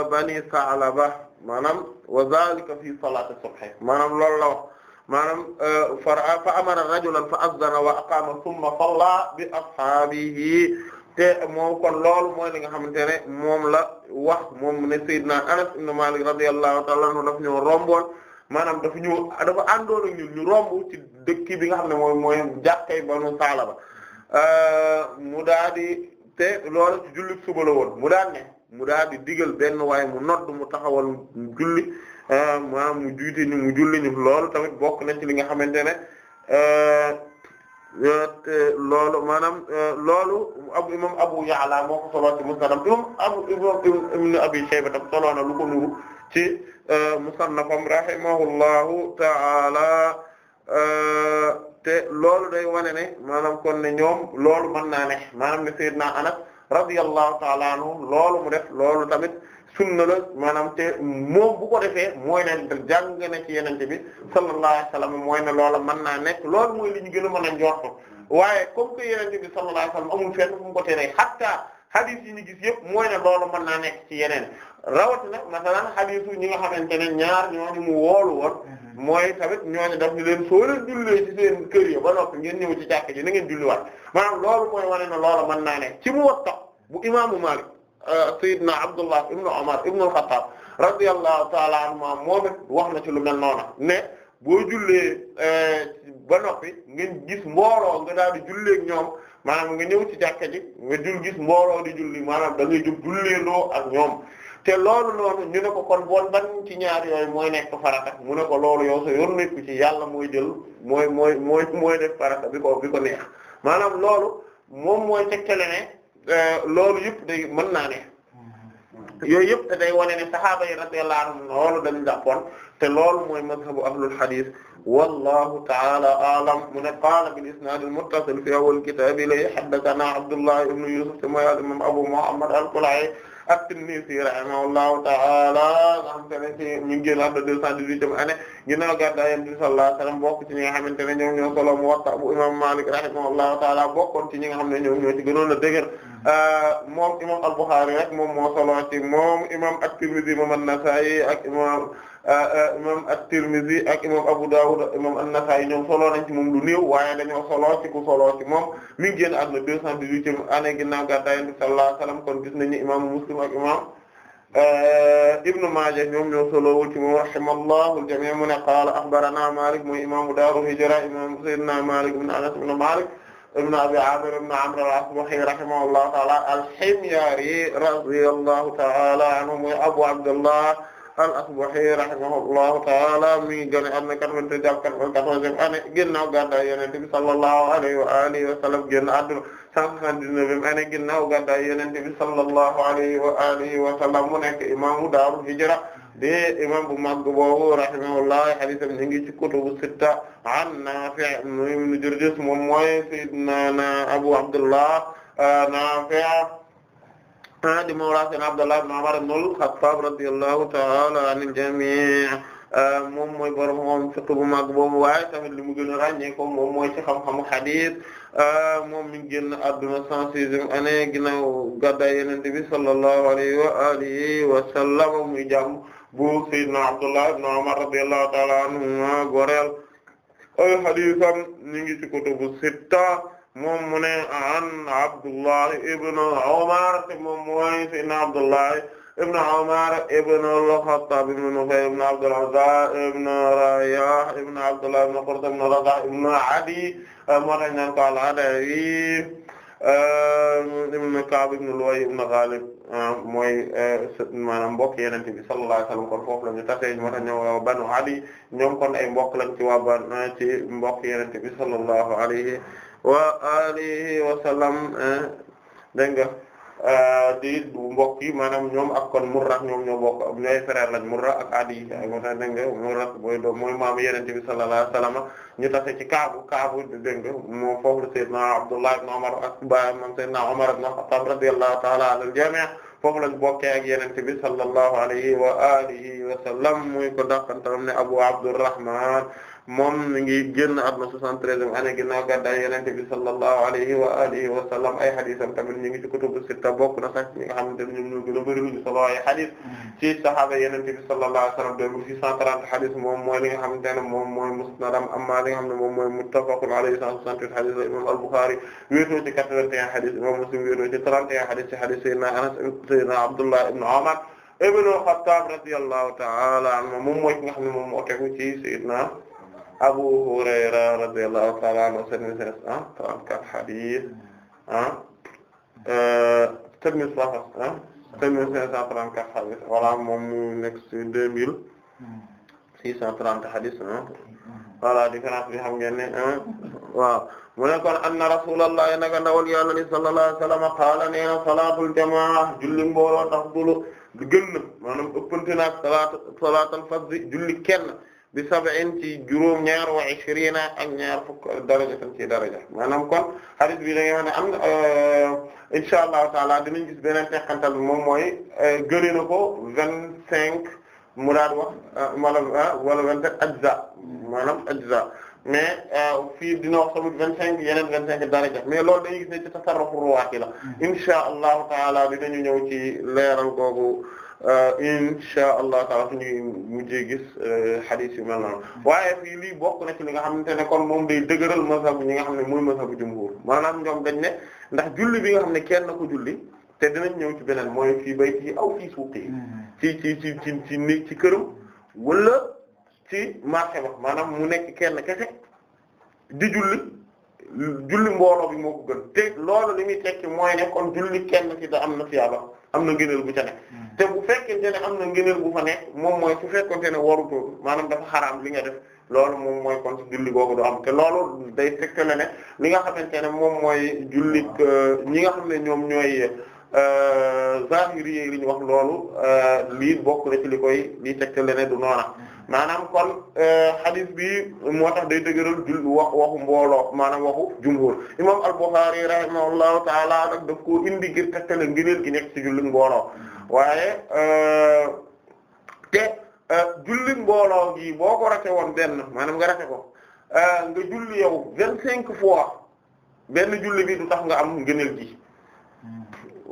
Bani Sa'laba maanaam wa zalika fi salati subhi maanaam loolu la wax maanaam euh, fara fa amara rajulan fa azdana wa aqama thumma salla bi ashaabihi te moom kon loolu mooy li nga xamante ne moom la wax moom ne sayyidina anas ibn malik radiyallahu ta'ala anhu daf ñoo romboon maanaam dafa ñu dafa àndoon ak ñun ñu romb ci dëkk bi nga xam ne mooy mooy jàkkay banu saala ba euh, mu daa di te loolu ci jullit suba la woon mu daan ne mu daal di digal benn waaye mu nodd mu taxawal mu julli ah, maanaam mu jiite ñu mu julli ñu loolu tamit bokk nañ ci li nga xamante ne euh, euh, loolu maanaam euh, loolu abu imam Abu Ya'la moo ko solo ci musnadam imam abu ibn Abi Shayba tam solo na lu ko nuru ci ta'ala te loolu day wane ne maanaam kon ne ñoom loolu mën naa ne maanaam ne Seydina Anas radiyallahu ta'ala anhum loolu mu def loolu tamit sunna la maanaam te moom bu ko defee mooy ne jàng na ci yenente bi sallallahu alayhi wasallam mooy ne loola mën naa nekk loolu mooy li ñu gën a mën a njortu waaye comme que yenente bi sallallahu alayhi wasallam amul fenn fu mu ko teree hatta hadith yi ñu gis yëpp mooy ne loolu mën naa nekk ci yeneen rawatina masalan hadithu ñi nga xamante ne ñaar ñooñu mu woolu woon mm-hmm. mooy tamit ñooñu daf ñu leen soo leen jullee ci seen kër ba noppi ngeen ñëw ci jàkk ji na ngeen julliwaat maan loolu mooy wane na loolu mën naa nekk ci Muwatta bu imaamu Maalik euh, Sayyidina Abdullah ibn Umar ibn al-Khattab radiyallahu ta'ala anhuma moom wax na ci lu mel noonu ne boo jullee euh, ba noppi ngeen gis mbooloo nga daal di jullee ñoom. maanaam nga ñëw ci jàkka ji nga jul gis mbooloo di julli maanaam da ngay jub julleeloo ak ñoom te loolu noonu ñu ne ko kon bon ban ci ñaar yooyu mooy nekk farata mu ne ko loolu yow sa yoon nekku ci yàlla mooy jël mooy mooy mooy mooy def farata bi ko bi ko neex maanaam loolu moom mooy tegtale ne euh, loolu yëpp day mën naa ne mm-hmm. yooyu yëpp te day wane ne sahaaba yi radiyallahu anhum loolu dañu jàppoon te loolu mooy mazhabu ahlul hadith wallahu ta'ala a'lam mu ne qaala bil isnad al muttasil fi awwal kitab ilay haddathana abdullah ibn yusuf te mooy al imam abu muhammad al-qula'i at-Tinnisi rahimahullahu ta'ala nga xamante ne ci ñu ngi génn àdduna deux cent dix-huitième année ginnaaw gàddaay Yonent bi sallallahu alayhi wa sallam nga xamante ne ñoom ñoo solo Muwatta bu imam Malik rahimahullahu ta'ala bokkoon ci ñi xam ne ñoom ñoo ci gënoon a dëgër mm. euh, moom imam al-Bukhari rek moom moo moom imam at-Tirmidhi moom an-Nasa'i ak imam Ah, ah, imam at-Tirmidhi ak imam Abu Dawud ak imam an-Nasa'i ñoom solo nañ ci moom lu néew waaye dañoo solo ci ku solo ci moom mi ngi génn àdduna deux cent dix-huitième année ginnaaw gàddaay Yonent bi sallallahu alayhi wa sallam kon gis nañu imam Muslim ak imam ah, Ibn Maaja ñoom ñoo solowul ci moom rahimallahu al-jami' mu ne qaala akhbarana Malik mooy imamu daaru hijra imam Sayyidina Malik ibn Anas ibn Malik ibn Abi Amir ibn Amr al-Asbahi rahimahullahu ta'ala al-Himyari radiyallahu ta'ala anhu mooy Abu Abdullah al-Asbahi rahimahullahu ta'ala mi ngi génn àdduna 93 jàpp 94e année ginnaaw gàddaay Yonent bi sallallahu alayhi wa alihi wa sallam génn àdduna 179e année ginnaaw gàddaay Yonent bi sallallahu alayhi wa alihi wa sallam mu nekk imaamu daaru hijra di imaam bu mag boobu rahimahullah hadiisam ñu ngi ci kutubu sitta an Naafi' ibn Jurjus moom mooy Abu Abdullah Naafi' di mawla seen Abdullah ibn Umar ibn al-Khattab radiyallahu ta'ala anil jami' moom mooy borom moom bu mag boobu waaye tamit li mu gën a ràññee ko moom mooy ci xam-xamu hadith moom mi ngi génn àdduna cent sixième année ginnaaw gàddaay Yonent bi sallallahu alayhi wa alihi wa sallam muy bu Seydina Abdullah ibn Umar radiyallahu ta'ala anhuma goreel ay haditham ñu ngi sitta moom mu ne an Abdullah ibn Umar te moom mooy sayyidina Abdullah ibn Umar ibn al-Khattab ibn Nufayl ibn Abdul Uzza ibn Rayah ibn Abdullah ibn Qurt ibn Radah ibn Adi moo tax ñu ko al-Adawi euh, ibn Ka'b ibn Luway ibn Ghalib ah, mooy euh, maanaam mbokk Yonent bi sallallahu alayhi wasallam kon foofu la ñu tasee moo tax ñoom Banu Adi ñoom kon ay mbokk lañ ci waa ban ci mbokk Yonent bi sallallahu alayhi wa alihi wa sallam eh, dégg nga eh, di mbokk yi maanaam ñoom ak kon Murra ñoom ñoo bokk ñooy frère lañ Murra ak Adi eh, moo dégg nga Murra mooy doom mooy maamu Yonent bi sallallahu alayhi wa sallam ñu tase ci Kaabu Kaabu dégg nga moo foofu Seydina Abdullah ibn Umar ak baayam moom Seydina Umar ibn Khattab radiyallahu ta'ala anil jami' foofu lañ bokkee ak Yonent bi sallallahu alayhi wa alihi wa sallam muy ko dàqantalam ne Abu Abdurrahman moom mi ngi génn àdduna 73e année ginnaaw gàddaay Yonent bi sallallahu alayhi wa alihi wa sallam ay xadisam tamit ñu ngi ci kutubu sitta bokk na sax ñi nga xamante ne ñoom ñoo gën a bëri lu ñu solo ay xadis mm-hmm. ci sahaaba Yonent bi sallallahu alayhi wa sallam 2630 xadis moom mooy li nga xamante ne moom mooy musnadam amma li nga xam ne moom mooy muttafaqun alayhi 168 xadis la imam al-Bukhari wéetoo ci 81 xadis imam Muslim wéetoo ci 31 xadis ci xadis Seydina Anas Seydina Abdullah ibn Umar ibn al-Khattab radiyallahu ta'ala anhu moom mooy ki nga xam ne moom moo tegu ci Seydina Abu Hurayra radiyallahu ta'ala anhu 734 ah, hadith ah 7534 euh, ah, hadith voilà moom mu nekk ci 2630 hadith ah voilà différence bi xam ngeen ne ah waaw mu ne kon anna Rasulullah naka ndawal Yàlla ni sallallahu alayhi wa sallam qaala nee na salaatul jamaa julli mbooloo tax dulu gën na maanaam ëppante naag salaatu salaatul fard julli bi sab'in ci juróom ñaar wa ishrina ak ñaar fukk daraja tan ci daraja maanaam kon hadith bi da nga xam ne am na euh, insha allahu taala dinañ gis beneen teqantal bi moom mooy euh, gëri na ko vingt cinq mu daal wax euh, wala wala vingt sept ajza maanaam ajza mais fii dina wax tamit vingt cinq yeneen vingt cinq daraja mais loolu dañuy gis ne ci tasarrufu ruwaati la hmm. insha allahu taala dinañu ñëw ci leeral googu Euh, insha allah taala suñuy mujjee gis hadith euh, yu mel noonu waaye fii lii bokk na ci li nga xamante ne kon moom day dëgëral mazhabu ñi nga xam ne mooy mazhabu jumhur maanaam ñoom dañ ne ndax julli bi nga xam ne kenn ko julli te danañ ñëw ci beneen mooy fii bayti aw fii suuqi mm-hmm. ci ci ci ci ci ni ci këram wala ci marché ba maanaam mu nekk kenn kese di julli julli mbooloo bi moo ko gën loolu li muy tekki mooy ne kon julli kenn ci da am na fiyaaba am na ngëneel bu ca nekk hmm. te bu fekkente ne am na ngëneel bu fa nekk moom mooy su fekkonte ne warutoo maanaam dafa xaraam li nga def loolu moom mooy kon julli googu du am te loolu day tegtale ne li nga xamante ne moom mooy jullit hmm. euh, ñi nga xam ne ñoom ñooy euh, zahiri yi li ñu wax loolu euh, lii bokk na ci li koy lii tegtale ne du noona hmm. maanaam kon euh, hadith bi moo tax day dëgëral jul wax waxu mbooloo maanaam waxu jumhur imam al-Bukhari rahimahullahu taala nag daf koo indi ngir tegtale ngëneel gi nekk ci jullit mbooloo waaye euh, te euh, jullit mbooloo gi boo ko rate woon benn maanaam nga rate ko nga julli yow vingt cinq fois benn julli bi du tax nga am ngëneel gi hmm.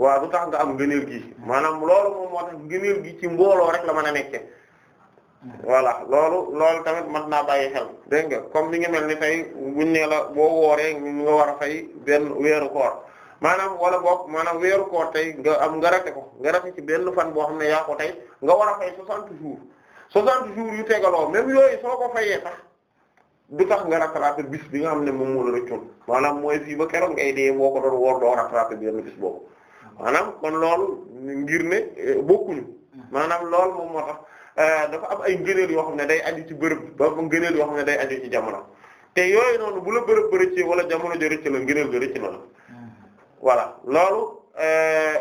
waaw du tax nga am ngëneel gi maanaam loolu moom moo tax ngëneel gi ci mbooloo rek la mën a nekke voilà loolu loolu tamit mat naa bàyyi xel dégg nga comme mi nga mel ni tay buñ ne la boo wooree nga war a fay benn weeru koor maanaam wala boog maanaam weeru koor tey nga am nga rate ko nga rate ci benn fan boo xam ne yaa ko tey nga war a fay 60 jours 60 jours yu tegaloo même yooyu soo ko fayee sax du tax nga rattraper bis bi nga xam ne moom moo la rëccoon maanaam mooy fii ba keroog ngay dee boo ko doon woor doo a benn bis boobu maanaam kon loolu ngir ne eh, bokkuñu hmm. maanaam loolu moom moo tax. Euh, dafa am ay ngëneel yoo xam ne day aju ci bërëb ba ngëneel yoo xam ne day aju ci jamono te yooyu noonu bu la bërëb ba ci wala jamono jo rëcc la ngëneel ga rëcc na la hmm. loolu euh,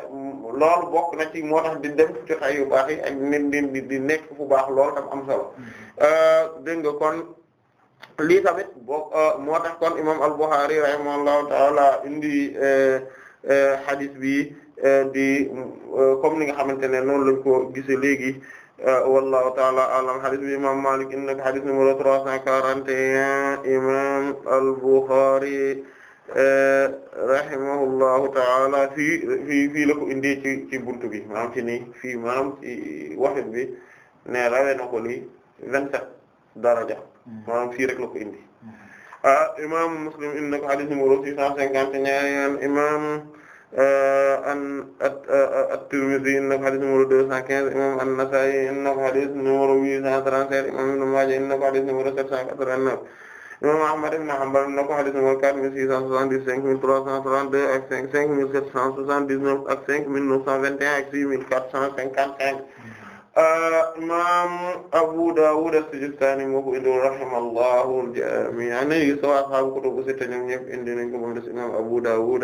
loolu bokk na ci moo tax di dem ci xay yu baax yi nekk fu baax loolu tam am solo hmm. euh, nga kon lii tamit boo moo tax kon imam al-Bukhârî rahimahullahu taala indi hadith bi di comme ni nga xamante ne noonu lañ ko gisee léegi Eh, wallahu taala alam hadis bi imam Malik indi na ko hadis numéro 341 imam al-Bukhari eh, rahimahullahu taala fii fii indi ci ci buntu bi maanaam ci nii fii maanaam ci bi ne rawee na ko lii vingt-sept daraja maanaam hmm. fii rek la indi hmm. ah, imam Muslim indi na ko hadis numéro 651 imam an at-Tirmidhi inna deux cent quinze imam an-Nasa'i inna ko hadith numéro huit cent trente-sept imam Ibn Majah inna ko hadith numéro sept cent quatre-vingt-neuf imam Ahmad ibn Hanbal inna ko hadith numéro quatre six cent soixante-dix, cinq mille trois cent trente-deux ak cinq mille sept cent soixante-dix-neuf cinq mille neuf cent vingt et un ak six mille quatre cent cinquante-cinq imam Abu Dawud as-Sijistani moo ko indi rahimahullahu jami'an sawaa ashaabu kutubu sitta ñoom ñépp indi nañ ko moom des imam Abu Dawud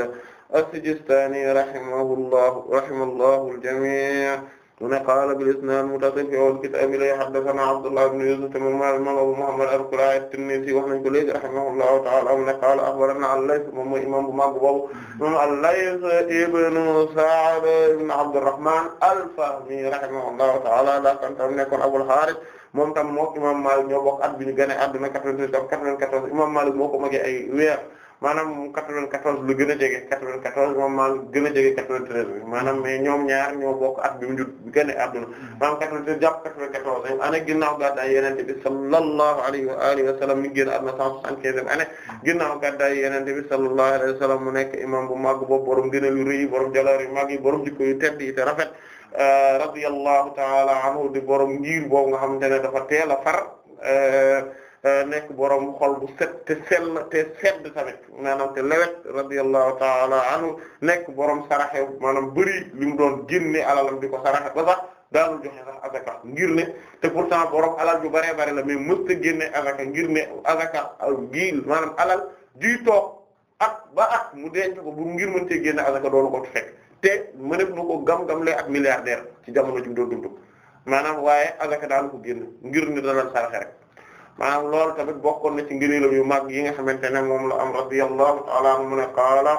as-Sijistani rahimahullahu rahimahullahu al-jami' mu ne qaala bil isnaad muttasil fi awwal kitaab ilay haddathana Abdullah ibn Yusuf te moom mooy imaam Abu Muhammad al-Qura'i at-Tinnisi wax nañ ko léegi rahimahullahu ta'ala mu ne qaala akhbarana al-Layth moom mooy imaam bu mag boobu moom al-Layth ibn Sa'd ibn Abdurrahman al-Fahmi rahimahullahu ta'ala daa kan tam nekkoon Abul Harith moom tam mook imaam Maalik ñoo bokk at bi ñu gën a adduna 93 94 imaam Maalik moo ko magee ay weer. maanaam 94 lu gën a jege 94 moom maa gën a jege 93 bi maanaam mais ñoom ñaar ñoo bokk at mu jut gën a adduna mm. maanaam 93 jàpp 94 a ginnaaw gàddaay yenente bi sallallahu alayhi wa alihi wa sallam mi ngi génn àdduna 175 ane mm. ginnaaw gàddaay yenente bi sallallahu alayhi wa sallam mu nekk imam bu màgg boobu borom gën a lu rëy borom jaloor yu màgg yi borom jikko yu tedd yi te rafet euh, radiyallahu ta'ala anhu di borom ngir boobu nga xamante ne dafa teel a far euh, Euh, nekk borom xol bu set te sell te sedd tamit maanaam te lewet radiyallahu ta'ala anhu nekk borom saraxe maanaam bëri li mu doon génne alalam di ko saraxe ba sax daanul joxe sax azaka ngir ne te pourtant borom alal ju bëree bëri la mais mësta génne azaka ngir ne azaka gi maanaam alal juy toog at ba at mu denc ko bu ngir mën cee génne azaka doonu ko fekk te mënef na ko gam-gam lay ak milliardaire ci jamono ji doo doon dund maanaam waaye azaka daanu ko ngir ne maanaam loolu tamit bokkoon na ci ngëneelam yu mag yi nga xamante ne moom la am radiyallahu ta'ala anhu mu ne qaala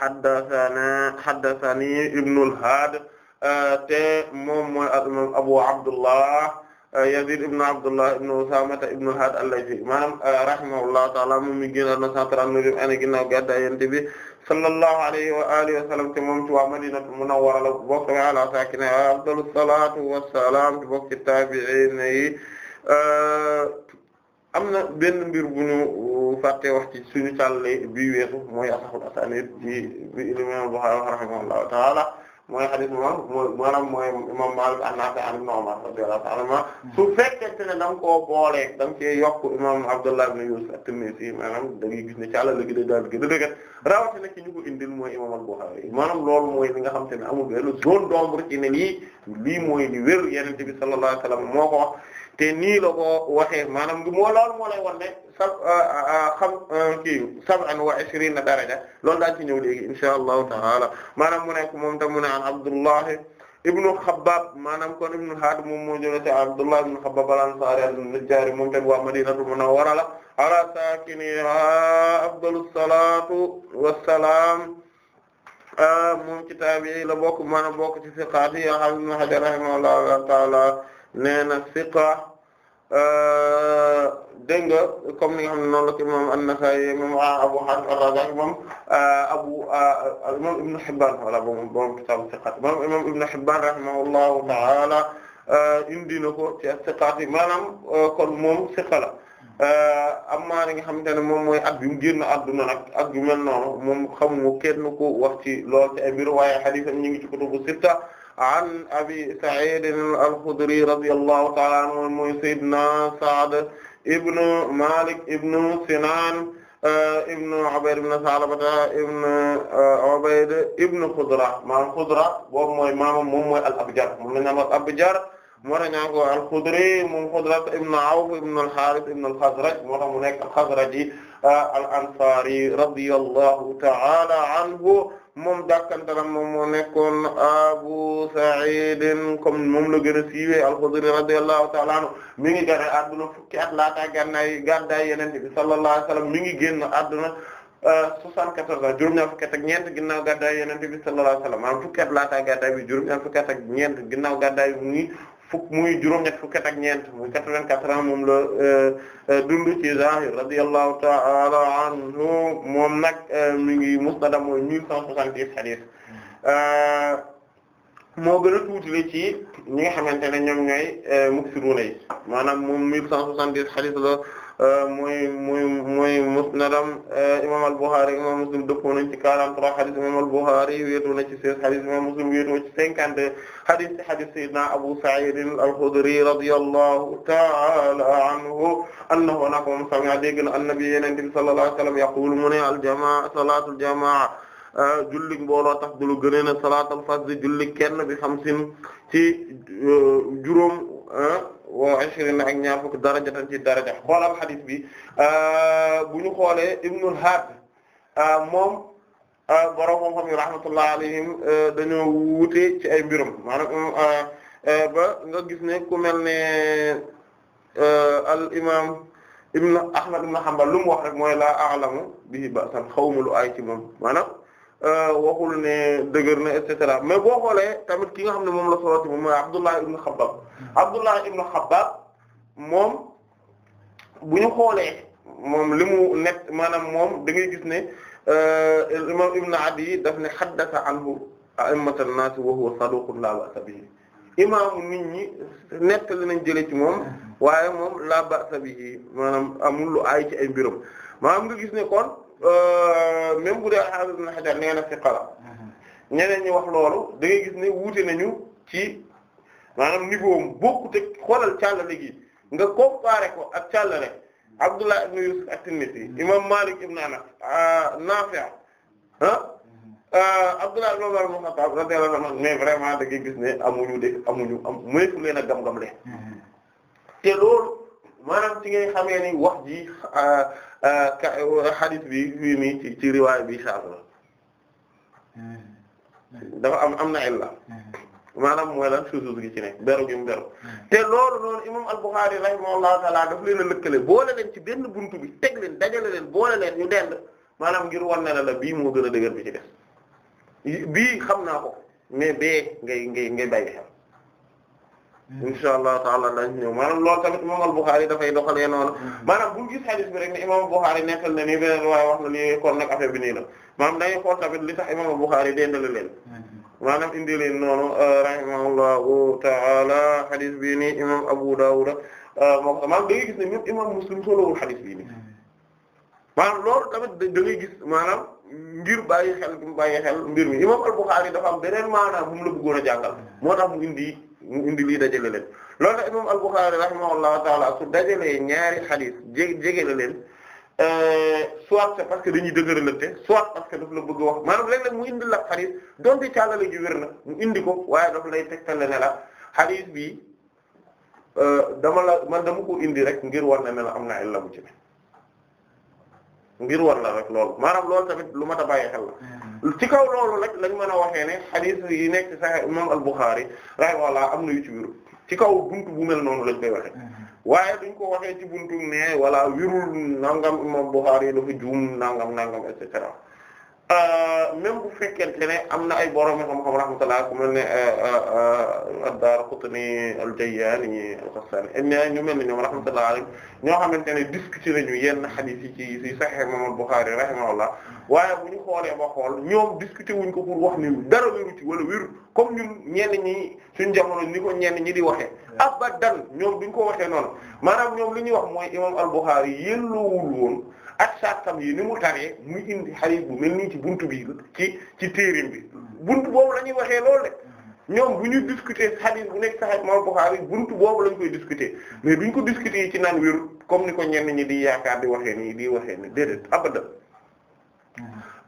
haddathana haddathani ibnu al-Had te moom mooy al-imam Abu Abdullah Yazid ibnu Abdullah ibnu Usama ibnu al-Had al-Laythi maanaam rahimahullahu ta'ala moom mi génn na 139 an ginnaaw gàddaay Yonent bi sallallahu alayhi wa alihi wa sallam te moom ci waa Madinatul Munawwara la bokk ala saakinihaa afdalu salaatu wa salaam bokk ci taabi'iin yi Euh, am na benn mbir bu ñu euh, fàtte wax ci suñu càlle bii weesu mooy asahul asanid ci bi imam Bukhari rahimahullahu ta'ala mooy hadith moom mooy maanaam mooy imam Malik an Nafi' an Ibn Umar radiyallahu ta'ala anhuma hmm. su fekkente ne da nga koo boolee da nga cee yokk imam Abdullah ibn Yusuf da ngay gis ne càlla la gi da daal gën a dëgg ñu ko indil mooy imam al-Bukhari lool loolu mooy li nga xam te ne amul benn zone d'ombre ci ne lii lii mooy li wér Yonent bi sallallahu alayhi moo ko te nii la ko waxee maanaam du moo loolu moo lay wan ne sab euh, euh, euh, xam kii sab'an wa ishrina daraja loolu daañu ci ñëw léegi insha allahu taala maanaam mu nekk moom tam mu ne an Abdullahi ibnu Xabbaab maanaam kon ibnu Haad moom moo jëlee ci Abdullah ibnu Xabbaab al-Ansaari an-Najjaari moom tam waa Madinatul Munawwara la ala saakiniha afdalu salaatu wassalaam moom ci taabi'i la bokk maanaam bokk ci siqaat yi al-Haafiz ibnu Hajar rahimahullahu taala nee Euh, dégg nga comme ni xam ne noonu la ko imam An-Nasa'i imam Abu Hatim ar-Razi moom euh, abu euh, imam Ibn Hibban wala moom borom kitaabu siqaat moom imam Ibn rahimahullahu ta'ala indi na ko ci siqaat yi maanaam kon moom siqa la amma li nga xamante ne moom mooy at bi mu génn adduna nag ak yu mel noonu moom xamu kenn ko wax ci lool ci ay mbir waaye hadiisam ñu ngi ci kutubu sitta an abi Sa'id al-Khudri radiyallahu ta'ala anhu mooy Seydina Sa'd ibn Malik ibn Sinan ibn Ubayd ibn Salabata ibn Ubayd ibn Khudra maanaam Khudra boobu mooy maamam moom mooy al-Abjar moom la ñu am al-Abjar moo tax ñu ko al-Khudri moom Khudra ibn Awf ibn al-Harith ibn al-Khazraj moo tax mu nekk al-Khazraji al-Ansari radiyallahu ta'ala anhu moom dàkkantaram moom moo nekkoon Abu Sa'id comme moom la gën a siiwee al-Khudri radiyallahu ta'ala anhu mi ngi génn adduna fukki at laata gànnaay gàddaay Yonent bi sallallahu alayhi wa sallam mi ngi génn adduna euh, soixante-quatorze ans juróom-ñaar fukki at ak ñeent ginnaaw gàddaay Yonent bi sallallahu alayhi wa sallam maanaam fukki at laata gàddaay bi juróom-ñaar fukki at ak ñeent ginnaaw gàddaay bi mu fukk muy juróom-ñett fukkat ak ñeent muy quatre-vingt-quatre ans moom loo euh, euh, dund ci zahir radiyallahu ta'ala anhu moom nag euh, mi ngi musnadam mooy mille cent soixante-dix hadith moo gën a tuuti ci ñi nga xamante ne ñoom ñooy muksiruna yi maanaam moom mille cent soixante-dix hadith la Euh, muy muy muy musnadam euh, imam al-Bukhari imam Muslim dëppoo nañ ci 43 hadith imam al-Bukhari wéetoo na ci 16 hadith imam Muslim wéetoo ci 52 hadith ci hadith sayyidina Abu Sa'id al-Khudri radiyallahu ta'ala anhu annahu nak moom sami'a dégg na an-nabi yonent bi sallallahu alayhi wa sallam yaqulu mu ne al-jamaa salaatul jamaa euh, jullig mbooloo tax du lu gënee na salaatul fard jullig kenn bi xamsin ci juróom wa ishrina ak ñaar fukk darajatan ci daraja xoolal xadis bi euh, bu ñu xoolee Ibnul Haad euh, moom euh, borom moom xam yi rahmatullah alayhim dañoo wuute ci ay mbirum ba nga gis ne ku mel ne al imam Ibn Ahmad ibn Hanbal lu mu wax rek mooy laa a'lamu bihi ba'san xawma lu ay ci moom Euh, waxul ne dëgër na et cetera mais boo xoolee tamit ki nga xam ne moom la solo ci moom mooy Abdullah ibn Khabbab Abdullah ibn Khabbab moom bu ñu xoolee moom li mu nekk maanaam moom da gis ne euh, imam ibn Adi daf ne haddatha anhu a'immatan nas wa huwa saduqun la ba'sa bihi imaamu nit ñi nekk li nañ jëlee ci moom waaye moom la ba'sa bihi maanaam amul lu aay ay mbiram maanaam nga gis ne kon. Euh, même bu dee al-Hafiz Ibn Hajar nee mhm. ñeneen ñi wax loolu da gis ne wuute nañu ci maanaam niveau bokkut ak xoolal càllale gi nga ko comparer ko ak càllale Abdullah ibn Yusuf at-Tinnisi mhm. imam Malik ibn na euh, Nafi' ah mhm. euh, Abdullah ibn Umar ibn Khattab radiyallahu anhu mais vraiment da gis ne amuñu de amuñu am mu leen a gam-gam le te loolu maanaam ci ngay xamee ni wax ji xadis bi fii nii ci ci bi saaf dafa am am na illa maanaam mooy lan suusuz gi ci ne beru gi mu beru te loolu noonu imam al-Bukhari rahimahullahu taala daf leen a lëkkale boole leen ci benn bunt bi teg leen dajale leen boole leen ñu dend maanaam ngir wan ne la la bii moo gën a dëgër bi ci def bii xam naa ko mais bee ngay ngay ngay bàyyi xel Hmm. insha allah taala dañ ñëw maanaam loolu tamit imam al-Bukhari dafay doxalee noonu hmm. maanaam bu gis bi rek ne imam al-Bukhari nekkal na nii beneen waaye wax na lii kon nag affaire bi nii la maanaam tamit li tax imam al-Bukhari dendale leen hmm. maanaam indi leen noonu euh, rahimahullahu taala hadith bi nii imam Abu Dawud euh, moo ko maanaam da ngay gis ne imam Muslim solowul hadith bi nii maanaam loolu tamit da ngay gis maanaam ngir bàyyi xel bàyyi xel mbir mi imam al-Bukhari dafa a jàngal moo mu indi lii dajale leen loolu tax imam al-Bukhârî rahimahullahu taala su dajalee ñaari xadis jég leen euh, soit c'est parce que dañuy dëgëralante soit parce daf la bëgg wax maanaam léeg-léeg mu indi la xadis donte caalale ji wér na mu indi ko waaye daf lay tegtale ne la xadis bi euh, dama la man dama ko indi rek ngir war na ne la am na illa bu ci ne ngir war la rek loolu maanaam loolu tamit lu mat a bàyyi xel la hmm. ci kaw loolu rek lañ mën a waxee ne hadith yi nekk ci Sahih imam al-Bukhari rahimahullah am na yu ci wéru ci kaw bunt bu mel noonu lañ koy waxee mm-hmm. waaye duñ ko waxee ci buntu ne wala wirul nangam imam Bukhari dafa juum nangam nangam et cetera Euh, même bu fekkente ne am na ay borom xam-xam rahmatullah ku mel ne euh, euh, ad-Daraqutni al-Jayyani al-Qassani na ñu mel ne ñoom rahmatullah alayhi ñoo xamante ne discuté nañu yenn hadith yi ci ci Sahih Imam Bukhari rahimahullah waaye bu ñu xoolee xool ñoom discuté wuñ ko pour wax ni dara wéru ci wala wéru comme ñun ñenn ñi suñ jamono ni ko ñenn ñi di waxee. abadan ñoom duñ ko waxee noonu maanaam ñoom li ñuy wax mooy imam al-Bukhari yelloowul woon. ak sartam yi ni mu taree mu indi xarit bu mel nii ci buntu bi ci ci téerim bi bunt boobu la ñuy waxee lool rek ñoom bu ñu discuter xadis bu nekk Sahih Imam Bukhari buntu boobu lañ koy discuter mais duñ ko discuter ci naan wér comme ni ko ñenn ñi di yaakaar di waxee nii di waxee nii déedéet abada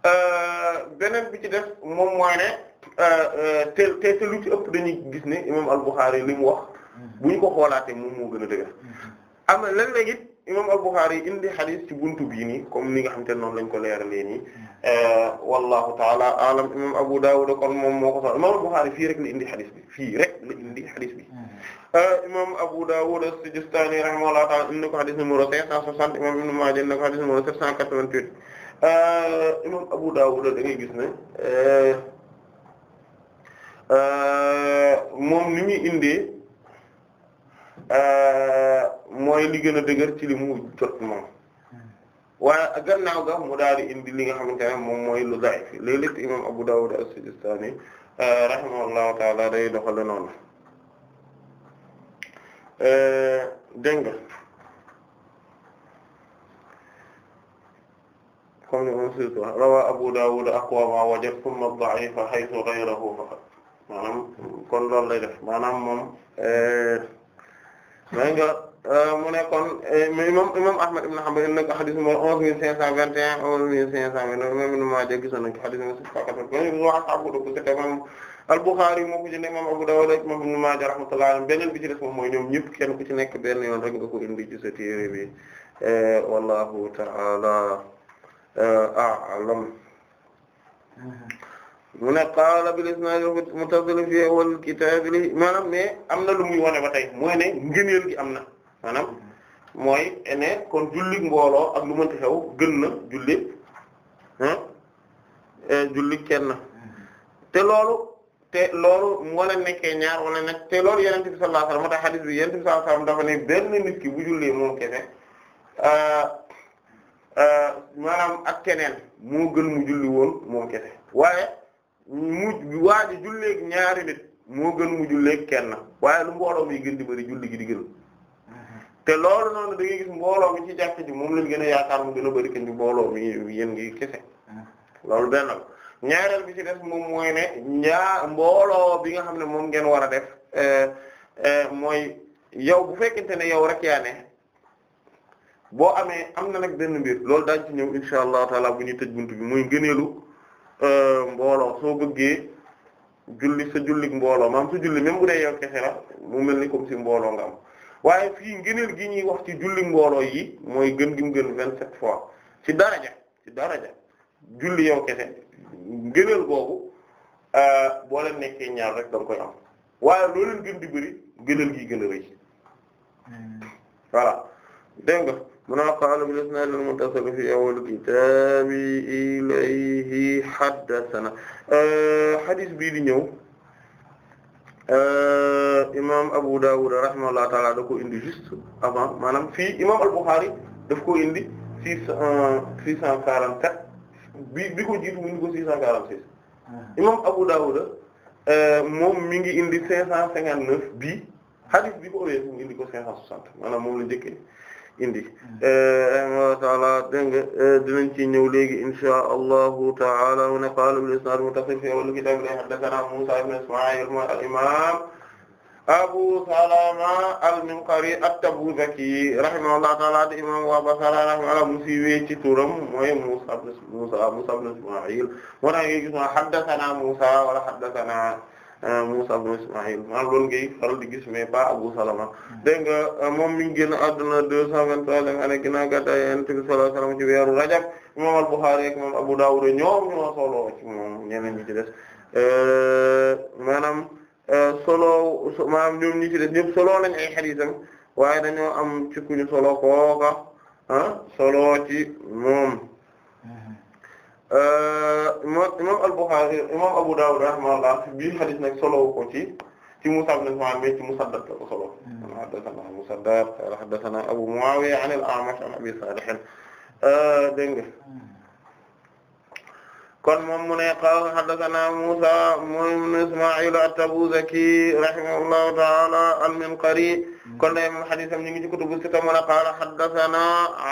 euh, beneen bi ci def moom mooy ne euh, te te lu ci ëpp dañuy gis ne imam al Bukhari li mu wax bu ñu ko xoolaatee moom moo gën a dëgër am na léeg-léeg it imam al-Bukhari yi indi hadith ci buntu bii nii comme ni nga xam te noonu lañ ko leeralee nii hmm. wallahu taala alam imam Abu Dawud kon moom moo ko sax imam al-Bukhari fii rek la indi hadith bi fii rek la indi hadith bi hmm. euh, imam Abu Dawud as-Sijistani rahimahullahu taala indi ko hadith numéro 560 imam Ibn Majah indi ko hadith numéro 788 euh, imam Abu Dawud da ngay gis ne euh, moom ni muy indee Euh, mooy li gën dëgër ci li mu jot moom waaye gannaaw ga mu daal di indi li nga xamante ne moom mooy lu daif léeg-léeg imam Abu Dawud as-Sijistani euh, rahimahullahu taala day doxale noonu euh, dégg nga comme ni moom surtout rawa Abu Dawud aqwa ma wajad thumma ad-da'ifa haythu ghayruhu faqat maanaam kon loolu lay def maanaam moom dégg nga euh, mu ne kon eh, imam imam Ahmad ibn Hanbal indi na ko xadis numéro onze mille cinq cent vingt et un onze mille cinq cent vingt-neuf imam Ibn Maaja gisoon nañu ko xadis numéro six cent quatre-vingt-dix wa ashaabu kutubu sitta imam al-Bukhari moo ko jëlee imam Abu Dawud ak imam Ibn Maaja rahmatullah alayhi beneen bi ci des moom mooy ñoom ñëpp kenn ku ci nekk benn yoon rek nga ko indi ci sa téere bi eh, wallahu ta'ala eh, a'lam mm-hmm. mu ne qaala bil isnaad muttasil fi awwal am na lu muy wone ba tey mooy ne ngëneel gi am na maanaam mooy ne kon julli mbooloo ak lu mënti xew gën na julli ah julli kenn te loolu te loolu wala nekkee ñaar wala nekk te loolu yonent bi sallallahu alayhi wasallam moo tax bi yonent bi sallallahu dafa ne benn nit bu jullee moom kese eh, eh, maanaam ak keneen moo gën mu julli woon moom kese waaye. mu waa ji julleeg ñaari nit moo gën mu julleeg kenn waaye lu mbooloo mi gën di bari julli gi di gën te loolu noonu da gis mbooloo mi ci jàkk ji moom lañ gën a mu gën a bëri kenn ci mbooloo mi yéen ngi kese loolu benn la ñaareel bi ci def moom mooy ne ñaa mbooloo bi nga xam ne moom ngeen war a def eh, eh, mooy yow bu fekkente ne yow rek yaa ne boo amee am na nag benn mbir loolu daañu ci ñëw insha allahu taala bu ñuy tëj bunt bi muy ngëneelu Euh, mbooloo soo bëggee julli sa jullik mbooloo maam su julli même bu dee yow kese la mu mel ni comme si mbooloo nga am waaye fii ngëneel gi ñuy wax ci julli mbooloo yi mooy gën gi mu gën vingt sept fois ci daraja ci daraja julli yow kese ngëneel googu euh, boo leen nekkee ñaar rek da nga koy am waaye loo leen gën di bëri ngëneel gi gën a rëy hmm. voilà nga mu ne qaala bil isnaad al muttasil fi awwal kitaab ilayhi haddasanaa hadith bii di ñëw imaam Abu Dawud rahimahullahu ta'ala da ko indi juste avant maanaam fii imaam al Bukhari daf ko indi six cent six cent quarante quatre bi bi ko jiitu mu indi ko six cent quarante six ah. imaam Abu Dawud euh, moom mi indi cinq cent cinquante neuf bii hadith bi ko weesu mu indi ko cinq cent soixante maanaam moom la njëkkee. indi hmm. eh, rahimahu taala dégg nga eh, dinañ ci ñëw léegi inshaa allahu taala mu ne qaala bil isnaad muttasil fi awwal kitaab li haddathanaa Muusaa ibn Ismaa'iil mooy al-imaam Abu Salama al-Minqari at-Tabuzaki rahimahullahu taala di imam wa Basra rahimahullah mu siiwee ci turam mooy Muusaa Muusaa Muusaa ibn Ismaa'iil moo tax nga gis ma haddathanaa Muusaa wala haddathanaa Euh, Musa ibn Ismaïl maanaam loolu ngay faral di gis mais pas Abu Salama dégg nga euh, moom mi ngi génn àdduna deux cent vingt-troisième année ginnaaw gàddaay Yonent bi sallallahu alayhi wa sallam ci weeru Rajab imam Al-Bukhârî ak imam Abu Dâwud ñoom ñoo solo ci moom ñeneen ñi des euh, maanaam solo maanaam ñoom ñi ci des ñëpp solo lañ ay xadiisam waaye dañoo am ci kuñu solo kooka ah, solo ci moom Euh, moom imaam al-Bukhârî imaam Abu Dâwud rahimahullah bii xadis nag solowu ko ci ci Mus'ab ibn Umayr ci Musaddad la ko solo hmm. haddathana Musaddad qala haddathana Abu Mu'awiya an al-A'mash an Abi Salih euh, dégg nga hmm. kon moom mu ne qala haddathana Musa ibn Isma'il at-Tabuzaki rahimahullahu ta'ala al-Minqari hmm. kon day moom xadisam ñu ngi ci kutubu sitta mu ne qala haddathana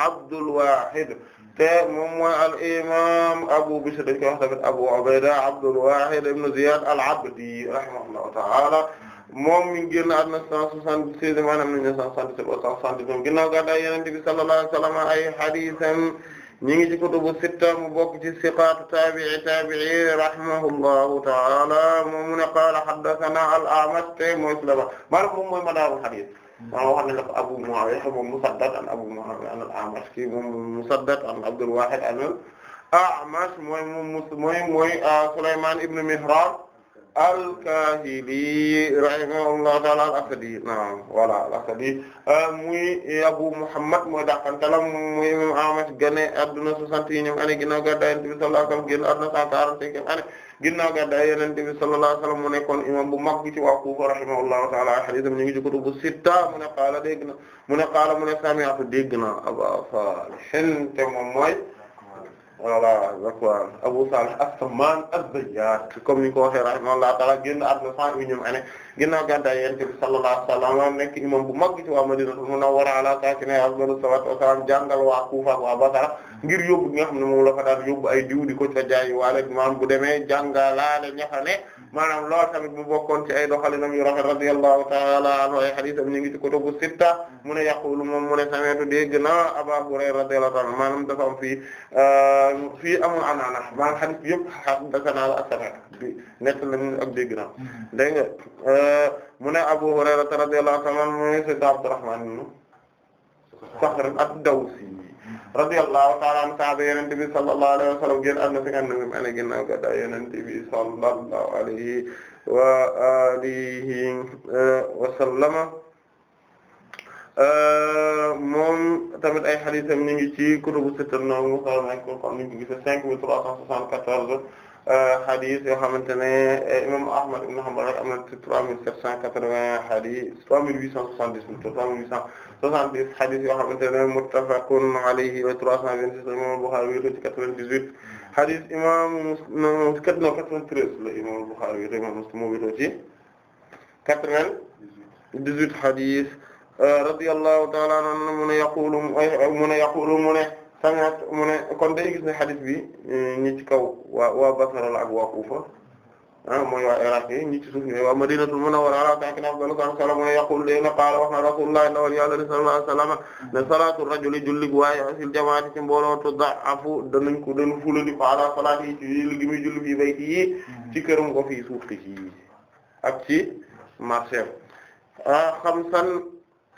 Abdul Wahid te moom mooy al imam Abu Bishr dañ koy wax tamit Abu Ubayda Abdul Wahid ibn Ziyad al-Abdi rahimahullahu ta'ala moom mi ngi génn àdduna 176 maanaam 1967 wala 179 ginnaaw gàddaay Yonent bi sallallahu alayhi wa sallam ay hadiisam ñi ngi ci kutubu sitta mu bokk ci siqaatu taabi'i taabi'i rahimahullahu ta'ala moom mu ne qaala haddathana al-A'mash te mooy Sulaymaan maanaam moom mooy madaarul hadiis waaw wax nañ la ko Abu Muawiya moom Musaddad an Abu Muawiya an al-A'mash kii moom Musaddad an Abdul Wahid an al-A'mash mooy moom mooy mooy ah, Sulaymaan ibn Mihraan al-Kahili rahimahullahu ta'ala al-Asadi naam voilà al-Asadi euh, muy Abu Muhammad mooy dàqantalam muy imam Ahmad gane adduna soixante yi ñoom année ginnaaw gàddaay Yonent bi sallallahu alayhi wasallam génn adduna cent quarante-cinq année ginnaaw gàddaay Yonent bi sallallahu mu nekkoon imam bu mag bi ci waa Kufa rahimahullahu ta'ala hadiisam ñu ngi ci kutubu sitta mu ne qaala dégg na mu ne qaala mu ne sami'tu dégg na Aba Saalih te moom voilà d'accord Abu Salih as-Samman az-Zayyat comme ni ñu ko waxee rahimahullah ta'ala génn àdduna cent et unième année ginnaaw gàddaay Yonent bi sallallahu alayhi wa sallam nekk imam bu mag ci waa Madinatul Munawwara ala saakinihaa afdalu salaatu wa salaam jàngal waa Kufa waa Basra ngir yóbbu bi nga xam ne moom la fa daan yóbbu ay diw ko ca jaay waale maam bu demee jàngalaale ñafa ne maanaam loolu tamit mu bokkoon ci ay doxalinam yu rafet radiyallahu ta'ala anhu ay haditham ñu ngi ci kutubu sitta mu ne yaqulu moom mu ne sami'tu dégg naa Aba Hurayra radiyallahu ta'ala maanaam dafa am fii euh, fii amul anaana maanaam hadith yëpp haddathana wa asana bi nekk lañu ak dégg naa dégg nga euh, mu ne Abu Hurayra radiyallahu ta'ala anhu mu ne Abdurrahman Saxr ad-Dawsi radiyallahu ta'ala an saaba yenente bi sallallahu alayhi wa sallam génn àdduna cinquante-neuvième année ginnaaw gàddaay yenente bi sallallahu alayhi wa alihi euh, wa sallama euh, moom tamit ay haditham ñu ngi ci kutubu sitta no mu solo nañ ko kon ñu ngi gis cinq mille trois cent soixante-quatorze hadith euh, yoo xamante ne imam Ahmad ibn Hanbal rek am na trois mille sept cent quatre-vingts hadith trois mille huit cent soixante-dix-huit trois mille huit cent soixante-dix hadith yoo xamante ne muttafaqun alayhi wa trois cent vingt-six imam Bukhari wéeto ci quatre-vingt-dix-huit hadith imam Muslim quatre no quatre-vingt-treize la imam Bukhari wéeto imam Muslim moo wéeto ci quatre vingt huit hadith radiyallahu ta'ala anhu mu ne yaqulu mu ne yaqulu mu ne sami'tu mu ne kon day hadith bi ñi ci kaw waa waa Basra la ak Ah, mooy waa Iraq yi ñi ci suuf ñooy waa Madinatul Munawwara ala saakiniha afdalu salaam mu yaqul léegi qaala wax na Rasulullah ndawal yàlla ni sallallahu alayhi wasallam ne salaatu jamaati ci mbooloo tud'afu danañ ko danu fulandi ko ala salaati yi ci julli muy julli fii bayti yi ci këram ko fi suuf si ak ci marché ah xamsan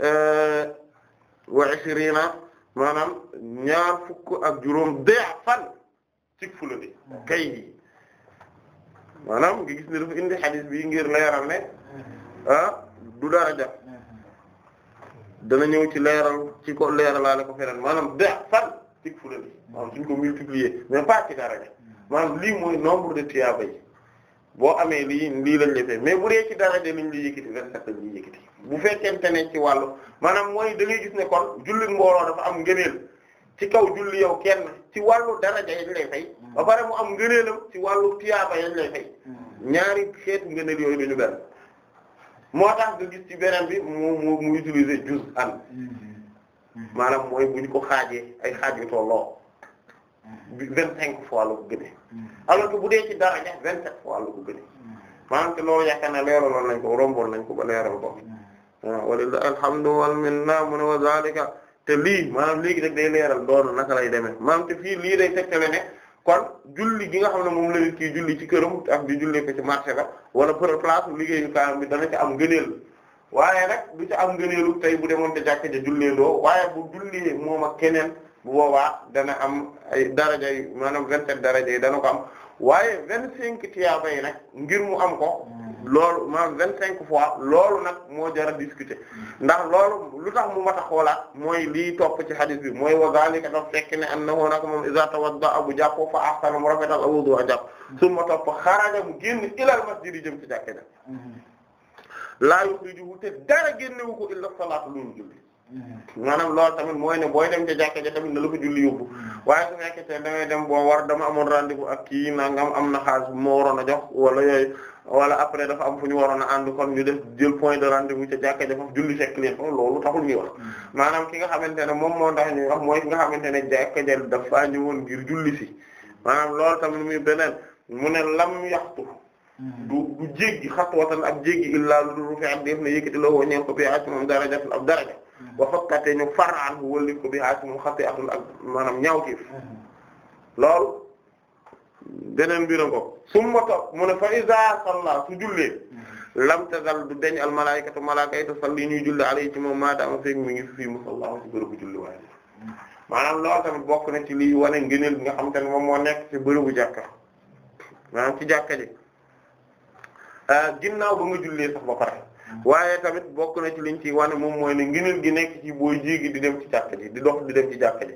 eh, wa ishrina maanaam ñaar fukk ak juróom dee fan ci fulandi kay maanaam nga gis ne dafa indi xadis bi ngir leeral ne ah du daraja dana ñëw ci leeral ci ko leeralaale ko feneen maanaam de fan ci fula bi maanaam suñ ko multiplier mais pas ci daraja maanaam lii mooy nombre de tiyaaba yi boo amee lii lii lañ defee mais bu dee ci daraja liñ li yëkkati bu fekkente ne ci wàllu maanaam mooy da gis ne kon jullit mbooloo dafa am ngëneel ci kaw julli yow kenn ci wàllu daraja yañ lay fay ba hmm. pare mu am ngëneelam ci wàllu tiyaaba yañ lay fay hmm. ñaari xeetu ngëneel yooyu dañu benn moo tax nga gis ci beneen bi mu mu mu utiliser juz an hmm. maanaam mooy bu ñu ko xaajee ay xaaj yu tolloo vingt cinq fois la ko gënee alors que bu dee ci daraja vingt sept fois la ko gënee maanaam te loolu yaakaar naa leeraloon nañ ko romboon nañ ko ba leeral ko walillahi alhamdu wal minna mu wa zalika te lii maanaam léegi rek day leeral doonu naka lay demee maanaam te fii lii day tegtale ne kon julli gi nga xam ne moom la kii ki julli ci këram ak di julli ko ci marché ba wala pour place liggéeyu kaayam bi dana ci am ngëneel waaye nag du ci am ngëneelu tey bu demoon te jàkk ja jullee doo waaye bu jullee moom ak keneen bu boobaa dana am ay daraja yi maanaam vingt-sept daraja yi dana ko am waaye vingt cinq tiyaaba yi nag ngir mu am ko loolu maanaam vingt cinq fois loolu nag moo jar a mm. ndax loolu lu tax mu mat a xoolaat mooy lii topp ci hadith bi mooy wa zalika daf fekk ne annahu nag moom iza tawadda abu jàppoo fa ahsana mu rafetal awudu a jàpp mm. summa topp xaraja mu génn ilal masjid jëm ci jàkke ja mm-hmm. laa yuxrijuhu te dara génnewu ko illa salaatu lu mu julli maanaam loolu tamit mooy ne booy dem ca jàkka ja tamit na lu ko julli yóbbu waaye su fekkee te dangay dem boo war dama amoon randiku ak kii nangam am na xaalis bu waroon a jox wala wala après dafa am fu ñu waroon a ànd kon ñu def jël point de rendez-vous ca jàkka ja foofu julli fekk leen loolu maanaam ki nga xamante ne moom moo tax ñuy wax mooy nga xamante ne jàkka ja dafa ñëwoon ngir julli si maanaam loolu tamit muy beneen mu ne lam yaxtu du du jéggi xatuwatan ak jéggi illaa lu dul fi at def na yëkkati loo woo ñeen ko bi ci moom daraja ab daraja ba fakkate ñu faraan wëlli ko bi haa ci moom xati atul ak maanaam ñaawtiif loolu beneen mbira ko summa topp mu ne fa iza salla su jullee lam tazal du deñ al malaikatu malaaka yi tusalli ñuy julli alayhi ci moom maadaama feek mi ngi fii musallaahu ci bërëbu julli waaye maanaam loolu tamit bokk na ci liy wane ngëneel bi nga xam te moom moo nekk ci bërëbu jàkka maanaam ci jàkka ji euh, ginnaaw ba nga jullee sax ba pare waaye tamit bokk na ci liñ ci wane moom mooy ne ngëneel gi nekk ci booy jéegi di dem ci jàkka di dox di dem ci jàkka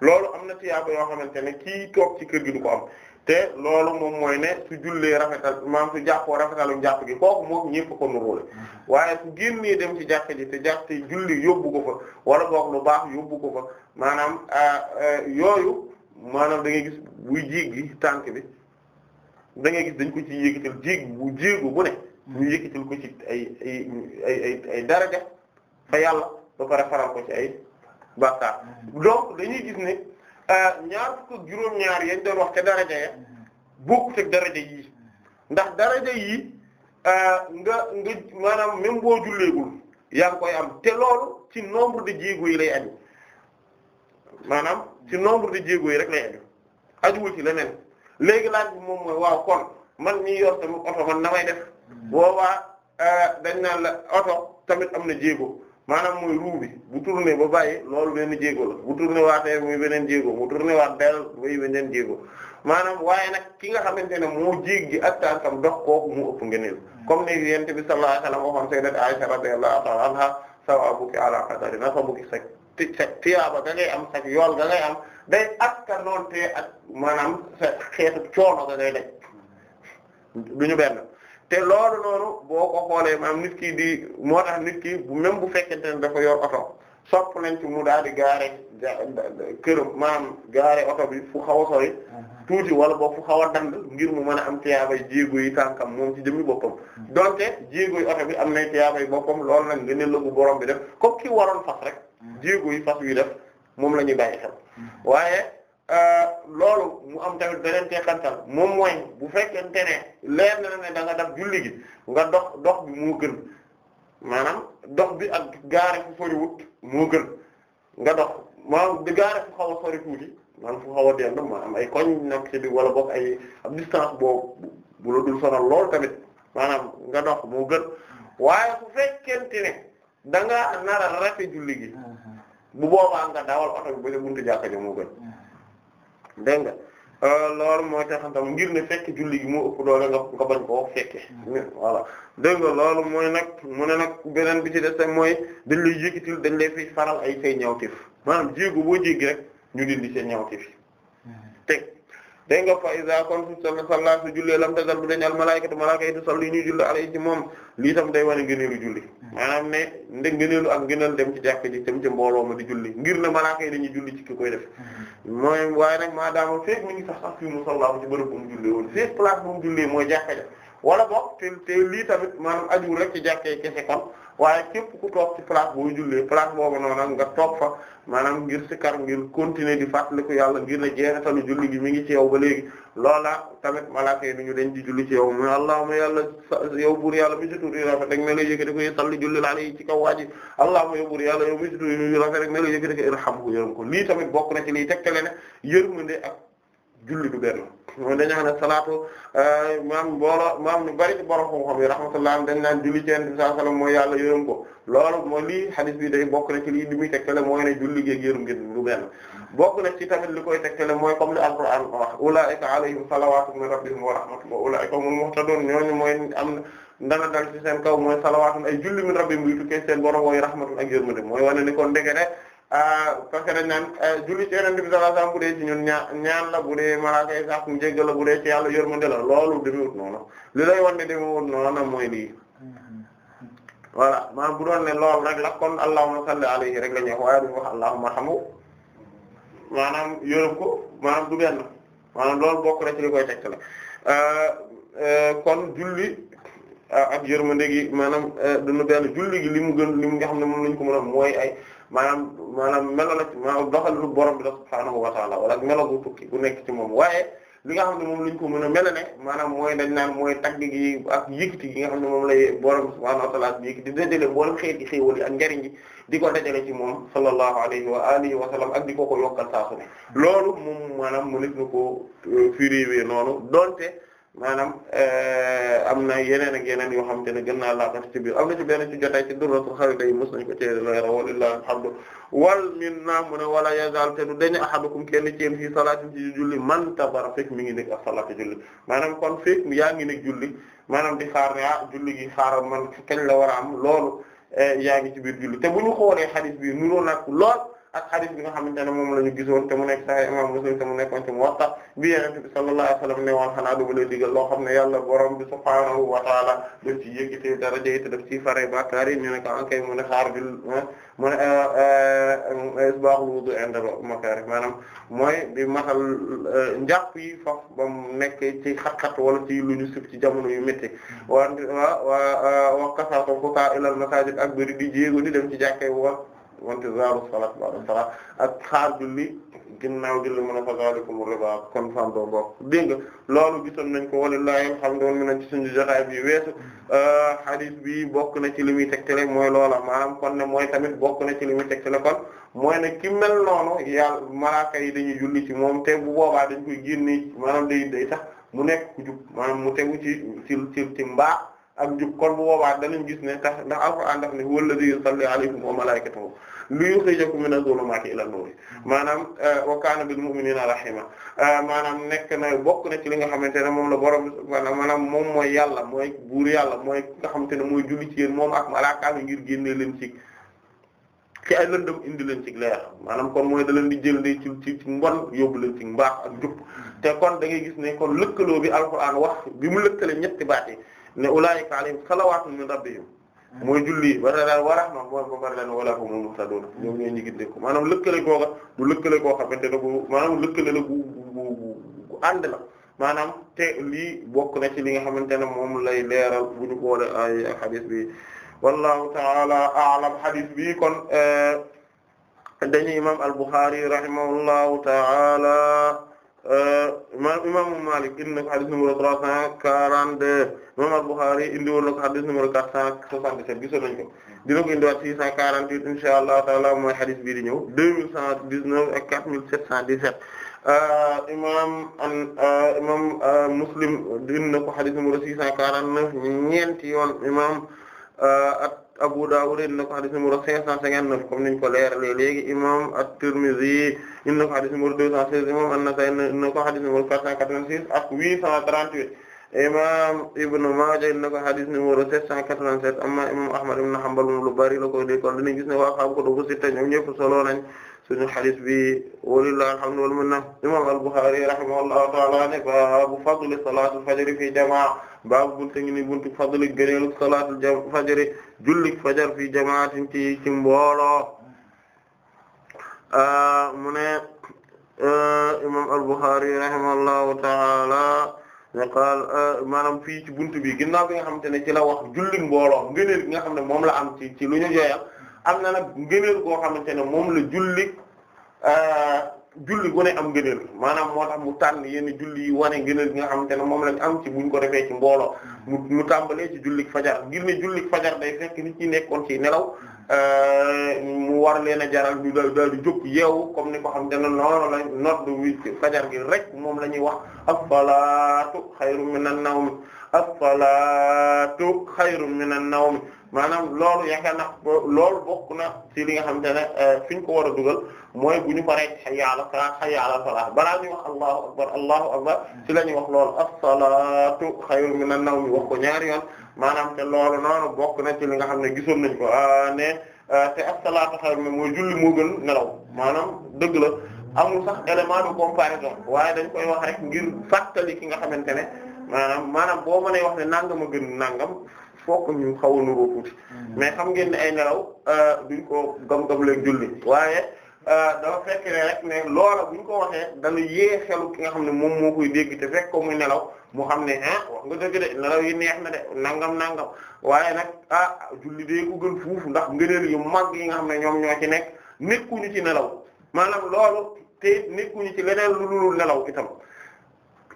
loolu am na tiyaaba yoo xamante ne kii toog ci kër gi du ko am te loolu moom mooy ne su jullee rafetal maanaam su jàppoo rafetalu jàpp gi kooku mook ñëpp ko nuróole waaye su génnee dem ci jàkka ji te jàkka te julli yóbbu ko fa wala boog lu baax yóbbu ko fa maanaam ah, ah, yooyu maanaam dangay gis buy jéegi tànk bi da gis dañ ko ci yéegital jéeg bu jéegu bu ñu yëkkatil ko ci ay ay ay ay daraja fa yàlla ba pare faral ko ci ay bàkkaar mm-hmm. donc dañuy gis ne euh, ñaar fukk juróom-ñaar yañ doon wax te daraja ya mm-hmm. bokkut ak daraja yii mm-hmm. ndax daraja yii euh, nga nga maanaam même boo julleegul yaa ngi koy am te loolu ci nombre de jéego yi lay aju maanaam ci nombre de jéego yi rek lay aju ajuwul ci leneen léegi laaj bi moom mooy waaw kon man mii yor tamit oto man na may def boobaa euh, dañ naan la oto tamit am na jéego maanaam mooy ruu bi bu tourné ba bàyyi loolu benn jéego la bu tourné waatee muy beneen jéego bu tourné waat del muy beneen jéego maanaam waaye nag ki nga xamante ne moo jéggi ak tànkam dox kooku mu ëpp ngëneel comme ni yent bi sallallahu alayhi wa sallam waxoon sayyidat Aisha radiyallahu ta'ala anha sawabuki ala qadari nasabuki sa sa tiyaaba ga ngay am sa yool ga ngay am day aska noonte ak maanaam sa xeetu coono ga ngay daj duñu benn te loolu noonu boo ko xoolee maanaam nit kii di moo tax nit kii bu même bu fekkente ne dafa yor oto sopp nañ ci mu daal di gaare këram maanaam gaare oto bi fu xaw a sori uh-huh. tuuti wala boog fu xaw a dand ngir mu mën a am tiyaabay jéego yi tànkam moom ci jëmmi boppam uh-huh. donte jéego yi oto bi am nay tiyaabay boppam lool nag nga ne la borom bi def comme ki waroon fas rek uh-huh. jéego yi fas yu def moom la ñuy bàyyi Euh, loolu mu am tamit beneen teqantal moom mooy bu fekkente ne leer na ne da nga def julli gi nga dox dox bi moo gën maanaam dox bi ak gaare fu soriwut moo gën nga dox maanaam di xaw a sori tuuti maanaam fu xaw a dend maanaam ay koñ nak ci bi wala ay ab boobu bu la dul sonal loolu tamit maanaam nga dox moo gën waaye bu fekkente ne da nga nar a rate julli gi mm-hmm. bu boobaa nga dawal oto bi ba ca buntu jàkka ja moo gën mm-hmm. dégg nga euh, loolu mooy tax tam ngir ne fekk julli gi moo ëpp doole nga bañ koo fekke voilà dégg nga loolu mooy nag mu ne nag beneen bi ci des tam mooy dañ lay yëkkatil dañ lay fi faral ay say ñawtif maanaam jéego boo jéggi rek ñu dindi say ñawtif hmm. teg dégg nga fa isa kon su salla su jullee lam tagal bu dañu al malaikatu malaaka yi salli ñuy julli alayhi ci moom lii tam day wane ngëneelu julli maanaam ne nde ngëneelu ak ngëneel dem ci jàkk ji ci mbooloo ma di julli ngir ne malaaka yi dañuy julli ci ki koy def mooy waaye maa maadaama féeg mi ngi sax sax fi mu sallaahu ci bërëb bu mu jullee woon féeg place bu mu mooy jàkka ja wala boog te te lii tamit maanaam aju rek ci jàkkee kese kon waaye képp ku toog ci place boo jullee place boobu noonu nga toog fa maanaam ngir si kar ngir continuer di fàttaliku yàlla ngir ne jeexitalu julli gi mi ngi ci yow ba léegi loola tamit malaaka yi ñu dañ di julli ci yow mu allahumma yàlla yow buur yàlla mi si tuuti rek ne la yëkkati ko salli julli la alayhi ci kaw waa ji allahumma yow buur yàlla yow mi si tuuti rafet rek ne la yëkkati ko irhamhu yërëm ko lii tamit bokk na ci liy tegtale ne yërmande ak julli du benn mooy dañu xam ne salaatu euh, maam mbooloo maam ñu bari ci borom xam-xam yi rahmatullah dañ naan julli ci Yonent bi sallallahu alayhi mooy yàlla yërëm ko loolu mooy lii hadith bi day bokk na ci lii li muy tegtale mooy ne julli géeg yërëm gi du benn bokk na ci tamit li koy tegtale mooy comme li alquran wax ulaa'ika alayhim salawaatun min wa rahmatun wa ulaa'ika humul muhtaduun ñooñu mooy am dana dal ci seen kaw mooy salawaatun ay julli min rabbihim yu tukkee seen borom wooyu rahmatun ak yërmande mooy wane ni kon ndegene Euh, parce que dañ naan euh, julli ci Yonent bi sallallahu alayhi wasallam ci ñun ñaan la bu dee malaaka yi sax mu la bu ci yàlla yërmande la loolu demewut noonu li lay wan ne demewut noonu mooy lii voilà maanaam bu doon ne loolu rek la kon allahumma salli alayhi rek la ñuy wax waaye duñu wax allahumma rahamu maanaam yërëm du benn maanaam loolu bokk na ci li koy tegte la euh, kon julli ak yërmande gi maanaam dunu benn julli gi li mu gën li mu nga xam ne moom lañ ko mën a mooy ay maanaam maanaam melo la maanaam doxalinu borom bi la subhaanahu wa taala wala melo bu tukki bu nekk ci moom waaye li nga xam ne moom lañ ko mën a mel ne maanaam mooy dañ naan mooy tagg gi ak yëkkati gi nga xam ne moom lay borom subhaanahu wa taala bi yëkkati di dajale mboolem ak njariñ gi di ko dajale ci moom sallallahu alayhi wa alihi wa sallam ak di ko ko yokkal saa su ne loolu moom maanaam mu nit na ko euh, firiwee noonu donte maanaam eh, am na yeneen ak yeneen yoo xamante ne gën naa laakati ci biir am na ci benn ci jotaay ci durratul xawita yi mos nañ ko téere leera walillahi alhamdu wal min naa mu ne wala yazal te du dañu ahadukum kenn ci yéen fii salaatin ci julli man tabara fekk mi ngi nekk ak salaati julli maanaam kon fekk yaa ngi nekk julli maanaam di xaar ne ah julli gi xaaral man kañ la war a am loolu eh, yaa ngi ci biir julli te bu ñu xoolee xadis bi nuroo nag lool ak xadis bi nga xamante ne moom la ñu gisoon te mu nekk sax imam Muslim te mu nekkoon ci Muwatta bi Yonent bi sallallahu alayhi xanaa du ma lay loo xam ne yàlla borom bi subhaanahu wa ta'aala daf ci yëkkati daraja yi te daf ci fare bàkkaar yi ñu ne ko ankay ah mu ne xaar bi ah, mu ne eh, eh, isbaaxul wudu inda makaari maanaam mooy di matal eh, njàpp yi faf ba mu nekk ci xat-xat wala ci lu ñu sib ci jamono yu métti wa wa wa kasaatoo ko kaa ilal masaajid ak bëri di jéego di dem ci jàkkee wa wante zaaru salaat ba'da salaat ak xaar julli ginnaaw julli mën a fa zaalikum riba kon fan doo bokk nga loolu gisoon nañ ko wallaahi alhamdulilah mi nañ ci suñu jotaay bi weesu euh, hadith bi bokk na ci li muy tegtale mooy loola maanaam mooy tamit bokk na ci li muy tegtale kon mooy ne ki mel noonu yàlla malaaka yi dañuy julli ci moom te bu boobaa dañ koy génne maanaam day day tax mu nekk ku jub maanaam mu tegu ci ci ci mbaax. ak jub kon bu da leen gis ne tax ndax alxuraan daf ne huwa alladhi yusalli alaykum wa malaikatuhu liyukhrijakum min adh-dhulumati ila an-nur maanaam eh, wa kana bil mu'minina rahima eh, maanaam nekk na bokk na ci li nga xamante ne moom la borom subhaanahu maanaam moom mooy yàlla mooy buur yàlla mooy ki nga xamante ne mooy julli ci yéen moom ak malaakaam ngir génnee leen ci ci ay lëndëm indi leen ci leer maanaam kon mooy da leen di jël di ci ci mbon yóbbu leen ci mbaax ak jub te kon da ngay gis ne kon lëkkaloo bi alxuraan wax bi mu lëkkale ñetti baat yi ne ulaa'ika alayhim salawaatun min rabbihim mooy julli wa rahma mooy ba bari leen wala humul muhtaduun ñoom ñooy ñu gindee ko maanaam lëkkale googa du lëkkale goo ne bu maanaam lëkkale la gu gu gu maanaam te lii bokk na ci li nga xamante ne moom lay leeral bu ñu ay ak bi wallahu taala a'lam xadis bi kon eh, dañu imam al-Bukhari taala Euh, maanaam imaamu Maalik indi na ko xadis numéro trois cent quarante-deux imaam al-Bukhari indi woon na ko xadis numéro quatre cent soixante-sept gisoon nañ ko dina ko indiwaat six cent quarante-huit inshaa Allahu taala mooy xadis bii di ñëw deux mille cent dix-neuf ak quatre mille sept cent dix-sept imaam euh, imaam euh, Muslim indi na ko xadis numéro six cent quarante-neuf ñeenti yoon imaam Abu Dawud indi na ko hadith numéro 559 comme niñ ko leeralee léegi imam At-Tirmidhi indi ko hadith numéro 216 imam An-Nasa'i indi na ko hadith numéro 486 ak 838 imam Ibn Majah indi na ko hadith numéro amma imam Ahmad ibn Hanbal moom lu bari la ko dégg kon ko solo nañ suñu hadith bi walillahi alhamdu imam Al-Bukhari rahimahullahu ta'ala ne baabu fadli salati al fi jama'a baabu bunt ngi ni buntu fadli gëneelu salaatul fajri jullik fajar fi jamaatin ci ci mbooloo ah, mu ne ah, imam al-Bukhari rahimahullahu taala ne qaal ah, maanaam fii ci buntu bi ginnaaw bi nga xamante ne ci la wax jullik mbooloo ngëneel bi nga xam ne moom la am ci ci lu ñu joyal am na nag ngëneel koo xamante ne moom la jullik julli gu ne am ngëneel maanaam moo tax mu tànn yenn julli yi wane ngëneel bi nga xam ne moom lañ am ci buñ ko defee ci mbooloo mu mu tàmbalee ci jullik fajar ngir ne jullik fajar day fekk nit ñi nekkoon ci nelaw euh, mu war leen a jaral ñu daal daal di jóg yeewu comme ni ko xam te a noonu la nodd wi fajar gi rek moom la ñuy wax as naw xayrun minan nawm as-salaatu xayrun minan nawm maanaam loolu yaakaar na loolu bokk na ci li nga xamante ne euh, fi ñu ko war a dugal mooy bu ñu paree hayya ala salaat hayya ala salaat balaa ñuy wax allahu akbar allahu akbar ci la ñuy wax loolu as-salaatu xayrun mina nawmi wax ko ñaari maanaam te loolu bokk na ci li nga xam ne gisoon nañ ko euh, ne euh, te as-salaatu xayrun mooy julli moo gën nelaw maanaam dëgg la amul sax élément de comparaison waaye dañ koy wax rek ngir fàttali ki nga xamante ne maanaam maanaam boo mënee wax ne nangam a gën nangam. fook ñu xaw a nuroo tuuti mm-hmm. mais xam ngeen ne ay nelaw euh, duñ ko gam-gam leen julli waaye euh, dafa fekk ne rek ne loola buñ ko waxee dana yee xelu ki nga xam ne moom moo koy dégg te fekk ko mu nelaw mu xam ne ah nga dëgg de nelaw yi neex na de nangam nangam waaye nag ah julli dee ko gën fuuf ndax ngëneel yu mag yi nga xam ne ñoom ñoo ci nekk nekkuñu ci nelaw maanaam loolu te nekkuñu ci leneen lu dul nelaw itam.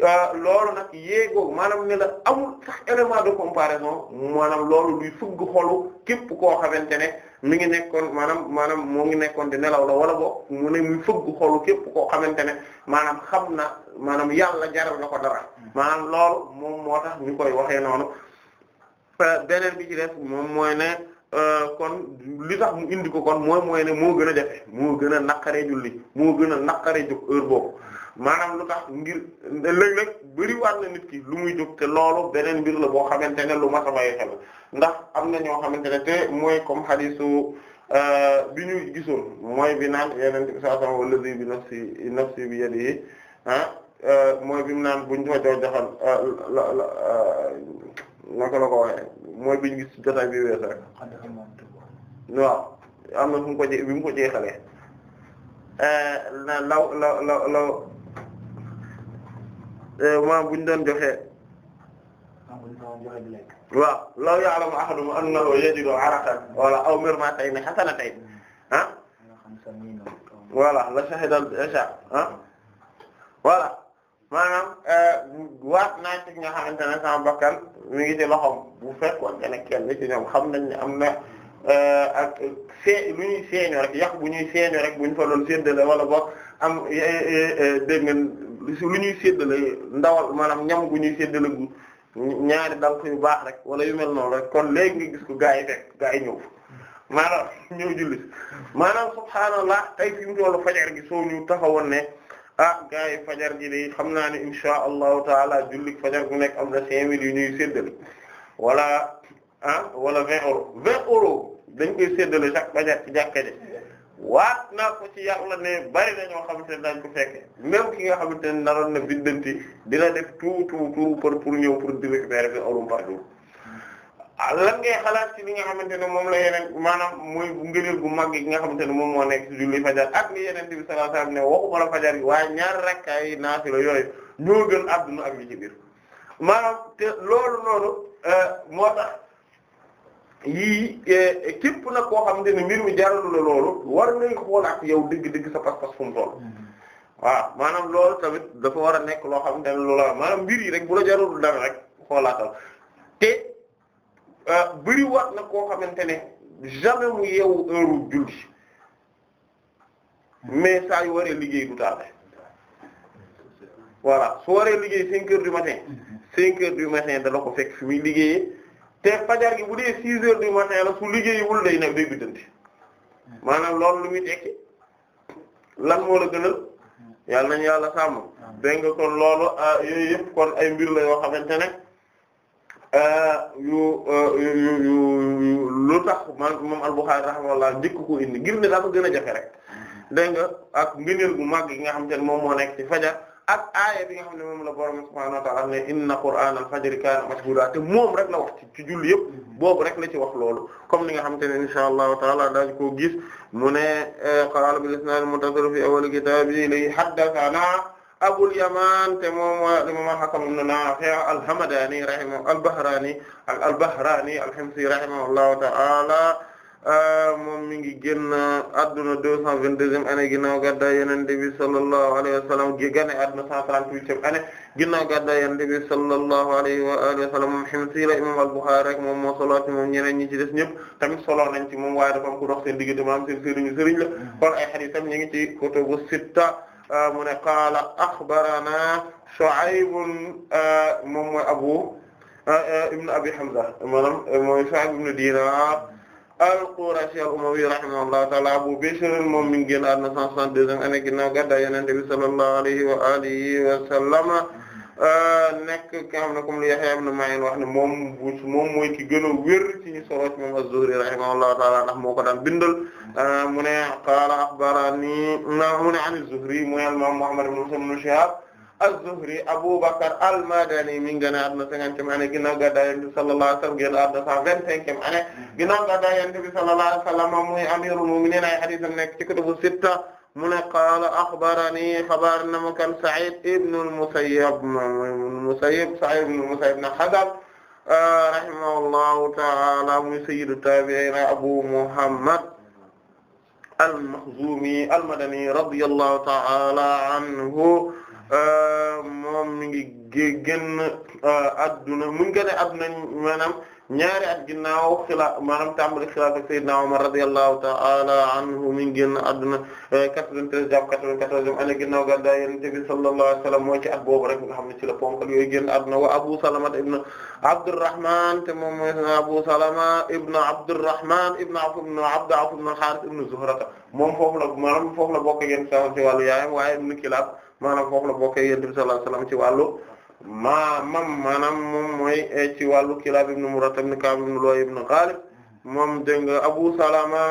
Euh, loolu nag yéegoo maanaam ne la amul sax élément de comparaison maanaam loolu luy fugg xolu képp koo xamante ne mi ngi nekkoon maanaam maanaam moo ngi nekkoon di nelaw la wala bo mu ne muy fugg xolu képp koo xamante ne maanaam xam na maanaam yàlla jaral na ko dara hmm. maanaam loolu moom moo tax ñu koy waxee noonu euh, beneen bi ci def moom mooy ne euh, kon li tax mu indi ko kon mooy mooy ne moo gën a jafe moo gën a naqaree julli moo gën a naqaree jóg heure boobu maanaam lu tax ngir léeg-léeg bëriwaat na nit ki lu muy jóg te loolu beneen mbir la boo xamante ne lu mat a bàyyi xel ndax am na ñoo xamante ne te mooy comme xadisu euh, bi ñu gisoon mooy bi naan yeneen saa wala bi nafsi nafsi bi yadihi ah euh, mooy bi mu naan buñ ko joxal euh, la la ko waxee mooy bi gis jotaay bi wees rek. waaw am na fu ko je ko jeexalee. law law law. maam euh, buñ doon joxe waaw law ya'lamu ahaduhum annahu yajidu araqan wala aw mirmatayni hasanatayn ah voilà la shahida al-isha ah voilà maanaam euh, waat naa ci nga xamante ne sama bakkan mi ngi ci bu fekkoon ne kenn ci ñoom xam nañ ne am na euh, ak see lu ñuy seeñoo rek yàq bu ñuy seeñoo rek bu ñu fa doon séddale wala boog am eh, eh, eh, dégg lu ñuy séddale ndawal maanaam ñam gu ñuy séddale gu ñaari dal yu baax rek wala yu mel noonu rek kon léegi nga gis ko gaa yi fekk gaa yi ñëw maanaam ñëw julli maanaam subhaanallah tey fi mu tollu fajar gi soo ñu taxawoon ne ah gaa yi fajar gi de xam naa ne insha allahu taala julli fajar gu nekk am na cinq mille yu ñuy séddale wala ah wala vingt euros vingt euros dañ koy séddale chaque fajar ci jàkka waat naa ko ci yàlla ne bari na ñoo xamante ne dañ ko fekke même ki nga xamante ne naroon na biddanti dina def tout tout tout pour pour ñëw pour di récupérer bi olum padu ah, lan ngay xalaat ci li nga xamante ne moom la yeneen maanaam muy ngëneel gu mag gi nga xamante ne moom moo nekk ci julli fajar ak li yeneen bi sallallahu alayhi wasallam ne waxuma la fajar yi waaye ñaar rakkaay naafila yooyu ñoo gën àdduna ak li ci biir maanaam te loolu noonu euh, moo tax yii eh, képp nag koo xamante ne mbir mi jaralu la loolu war ngay xoolaat yow dëgg-dëgg sa pas-pas fu mu mm-hmm. waaw maanaam loolu tamit dafa war a nekk loo xamante ne loolu maanaam mbir yi rek bu la jarul dara rek xoolaatal te eh, bëri waat nag koo xamante ne jamais mu yeewu heure julli mm-hmm. mais saa yu waree liggéey du tardé voilà su waree liggéey cinq heures du matin mm-hmm. cinq heures du matin dala ko fekk fi muy liggéeyee te fajar gi bu dee six heures du matin la su liggéeyiwul day nag day biddanti maanaam loolu lu muy tekki lan moo la gënal yàlla nañu yàlla sàmm dégg nga kon loolu ah, yooyu yëpp kon ay mbir la yoo xamante ne ah, ah, yu yu yu lu tax man moom Al-Bukhârî rahimahullah njëkk ko indi ngir ne daa ko gën a jafe rek dégg nga ak ngëneel bu mag yi nga xam ne moom moo nekk ci fajar ak aaya bi nga xam ne moom la borom subhaanahu wa ta'aala ne inna qur'aanal fajri kaana mashhuudaa te moom rek la wax ci julli yëpp mm-hmm. boobu rek la ci wax loolu comme ni nga xamante ne inshaa Allahu ta'aala daañu koo gis mu ne e, qaala bil isnaad al-muttasil fi awwal kitaabihi li haddathanaa Abul Yamaan te moom waa imaam Hakam ibn Naafi' al-Hamdaani rahimahu al-Bahraani al-Bahraani al-Himsi rahimahullahu ta'aala Euh, moom mi ngi génn adduna deux cent vingt-deuxième année ginnaaw gàddaay Yonent bi sallallahu alayhi wa sallam gi génn adduna cent année ginnaaw gàddaay Yonent bi sallallahu alayhi wa alihi wa sallam moom ximsi la imam al-Bukhari rek moom moo solo ci moom ñeneen ñi ci des ñëpp tamit solo nañ ci moom waaye dafa am ku dox seen diggante maanaam seen sëriñ sëriñ la kon ay hadith tam ñu ngi ci kutubu sitta euh, mu ne qaala axbarana Shu'ayb euh, moom mooy Abu ibn Abi Hamza maanaam mooy Shu'ayb ibn Dinar al-Qurashi al-Umawi rahimahullahu ta'ala Abu Bishr moom mi ngi génn àdduna 162 année ginnaaw gàddaay Yonent bi sallallahu alayhi wa alihi wa sallama nekk ki nga xam ne comme li Yahya ibn Ma'in wax ne moom moom mooy ki gën a wér ci ñu solo ci moom az-Zuhri rahimahullahu ta'ala ndax moo ko daan bindal mu ne qaala akhbarani mu ne an az-Zuhri mooy al-imam Muhammad ibn Muslim ibn Shihab az-Zuhri Abu Bakr al-Madani mi ngi gën a adduna cinquantième année ginnaaw gàddaay Yonent bi sallallahu alayhi wa sallam génn adduna cent vingt-cinquième année ginnaaw gàddaay Yonent bi sallallahu alayhi wa sallam muy amirul mu'minin ay hadiisam nekk ci kutubu sitta mu ne qaala axbarani xabaar na ma kan Sa'id ibn al-Musayyib Musayyib Sa'id ibn al-Musayyib na Xazal rahimahullahu ta'ala muy sayyidu taabi'iin Abu Muhammad al-Makhzumi al-Madani radiyallahu ta'ala anhu Euh, moom mi ngi génn adduna euh, mu ngi génne adduna maanaam ñaari at ginnaaw xilaa maanaam tàmbali xilaafa Seydina Umar radiyallahu ta'ala anhu mi ngi génn adduna 93 euh, jàpp 94 ane ginnaaw gàddaay Yonent bi sallallahu alayhi wa sallam mooy ci at boobu rek nga xam ne ci la ponkal yooyu génn adduna wa Abu Salama ibn Abdurrahman te moom mooy Abu Salama ibn Abdurrahman ibn Awf ibn Abd Awf ibn Harith ibn Zuhrata moom foofu la maanaam foofu la bokk ak yéen ci wàllu yaayam waaye ibn Kilab maanaam foofu la bokkee yonent bi sallallahu alayhi wasallam ci wàllu ma mam maanaam moom mooy eh, ci wàllu Kilaab ibn Murrat ibn Ka'b ibn Lu'ay ibn Ghalib moom dégg nga Abu Salama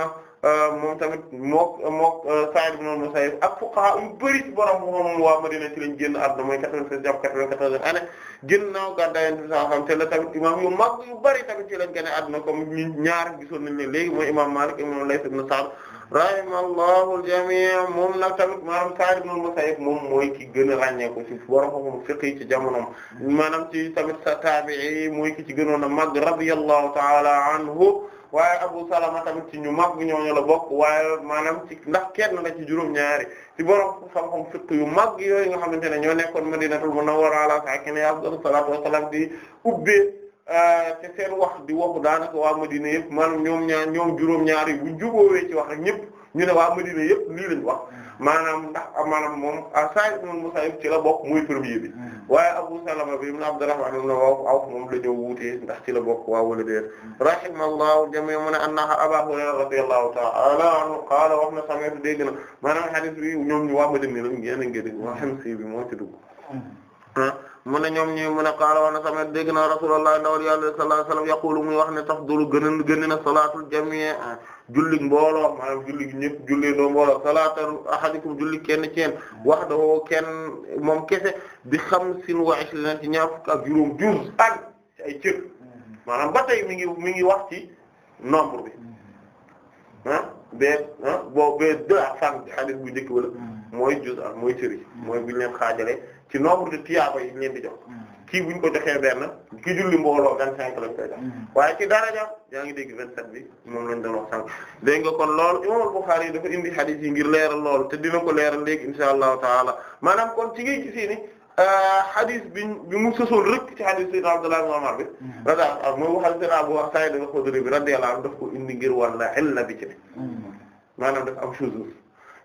eh, moom tamit mook mook eh, Sa'id ibn al-Musayyib ak fuqaha yu bari ci borom moom waa Madina ci lañ génn àdduna mooy 96 jàpp 94 année ginnaaw gàddaay Yonent bi sallallahu alayhi wasallam te la tamit imam yu mag yu bari tamit ci lañ génn àdduna comme ñaar gisoon nañ ne léegi mooy imam Malik imam Layth ibn Sa'd rahimahullahu al-jamii' moom nag tamit maanaam Sa'id ibn moom mooy ki gën a ràññeeku ci borom xam-xam fiqh yi ci jamonoom maanaam ci tamit sa taabi'i mooy ki ci gën gënoon a màgg radiyallahu ta'ala anhu waaye Abu Salama tamit ci ñu mag ñooñu la bokk waaye maanaam ci ndax kenn la ci juróm ñaari ci borom xam-xam fiqh yu mag yooyu nga xamante ne ñoo nekkoon Madinatul Munawwara ala saakinihaa afdalu salaatu wa salaam di ubbee. Euh, te seen wax di waxu daanaka waa Madina yëpp maanaam ñoom ñaar ñoom juróom ñaari yi bu jubóowee ci wax ak ñëpp ñu ne waa Madina yëpp lii lañ wax maanaam ndax maanaam moom ah, Sa'id ibn Musayyib ci la bokk muy premier bi mm. waaye Abu Salama bi ibn Abdurrahman ibn Awf Awf moom la ñu ndax ci la bokk waa wala déet mm. rahimallahu jami'an mu ne annaha Abu Hurayra radiyallahu ta'ala anhu qaala wax na sami'tu dégg na maanaam hadith bi ñoom ñu waa Madina lañ ñeneen ngeen wax xam si bi moo ci dugg mm. ah. mu ne ñoom ñi mu ne qaala wax na sama dégg na rasulullah ndawal yàlla sallallahu alayhi wasallam yaqulu muy wax ne tafdulu gëna gëni na salaatul jamii jullig mbooloo maanaam jullig ñëpp jullee doo mbooloo salaatul ahadikum jullig kenn ci yeen wax dawoo kenn moom kese bi xamsin wa ishrina ci ñaar fukk ak juróom juz ak ci ay cër maanaam ba tey mi ngi mi ngi wax ci nombre bi ah bee ah boo bee deux ak fan xadis bu njëkk wala mm. mooy juz ak mooy cër yi mm. mooy bi ñu leen xaajale ci nombre de tiyaaba yi leen di jox hmm. kii buñ ko joxee benn ki julli mbooloo vingt cinq lañ koy jox hmm. waaye ci daraja yaa ngi dégg vingt sept bi moom lañ doon wax sànq nga kon lool imam Bukhari yi dafa indi hadith yi ngir leeral lool te dina ko leeral léegi insha allahu taala maanaam kon ci ngay gisee ni hadith euh, bi mu sosoon rek ci hadith sayyid Abdullah ibn Umar bi hmm. rada ah, mooy waxal seen Abu Sa'id al-Khudri bi radiyallahu anhu daf ko indi ngir walla illa bi ci maanaam daf am chose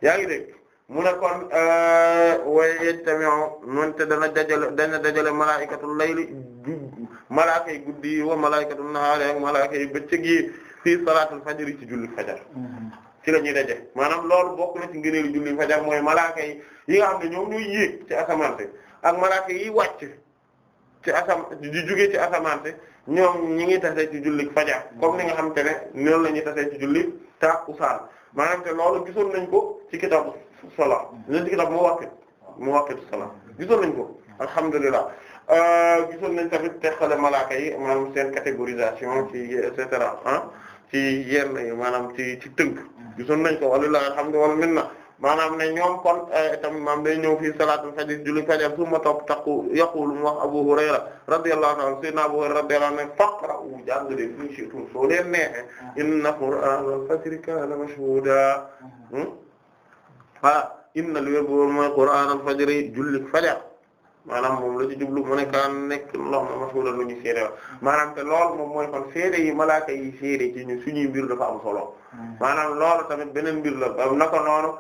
yaa mu ne kon euh, way yajtami'u mun te dana dajale dana dajale malaa'ikatul layli du malaa'ikay guddi yi wa malaa'ikatul nahaari ak malaa'ikay yi fii salaatul fajar yi ci julli fajar mm-hmm. ci la ñuy daje maanaam loolu bokk na ci ngëneelu julli fajar mooy malaaka yi yi nga xam ne ñoom ñooy yéeg ci asamaan si ak malaaka yi wàcc ci asam di jugee ci asamaan si ñoom ñi ngi tasee ci julli fajar comme ni nga xam te ne noonu la ñuy tasee ci julli tàkkusaan maanaam te loolu gisoon nañ ko ci kitaabu salaa ñeenti kitaab mawaqit mawaqit salaa gisoon nañ ko alhamdulilah euh, gisoon nañ tamit teqale malaaka yi maanaam seen catégorisation ci et cetera ah ci yenn yi maanaam ci ci tënk gisoon nañ ko walillahi alhamdu wal minna maanaam ne ñoom kon eh, tamit maam day ñëw fii salaatul fajr julli fajar summa topp taqu yaqulu mu wax Abu Hurayra radiyallahu anhu sayyidina Abu Hurayra radiyallahu anhu faqra'u jàng leen fi shi'tum soo leen neexee inna qur'ana al-fajri kana mashhuda hmm? fa inna li wér boor mooy qur'aan al-fajri fajar maanaam moom la ci jublu mu ne kaan nekk loo ñu seede maanaam te loolu moom mooy kon seede yi malaaka yi seede ci ñu suñuy mbir dafa am solo hmm. maanaam lool tamit beneen mbir la ba naka noonu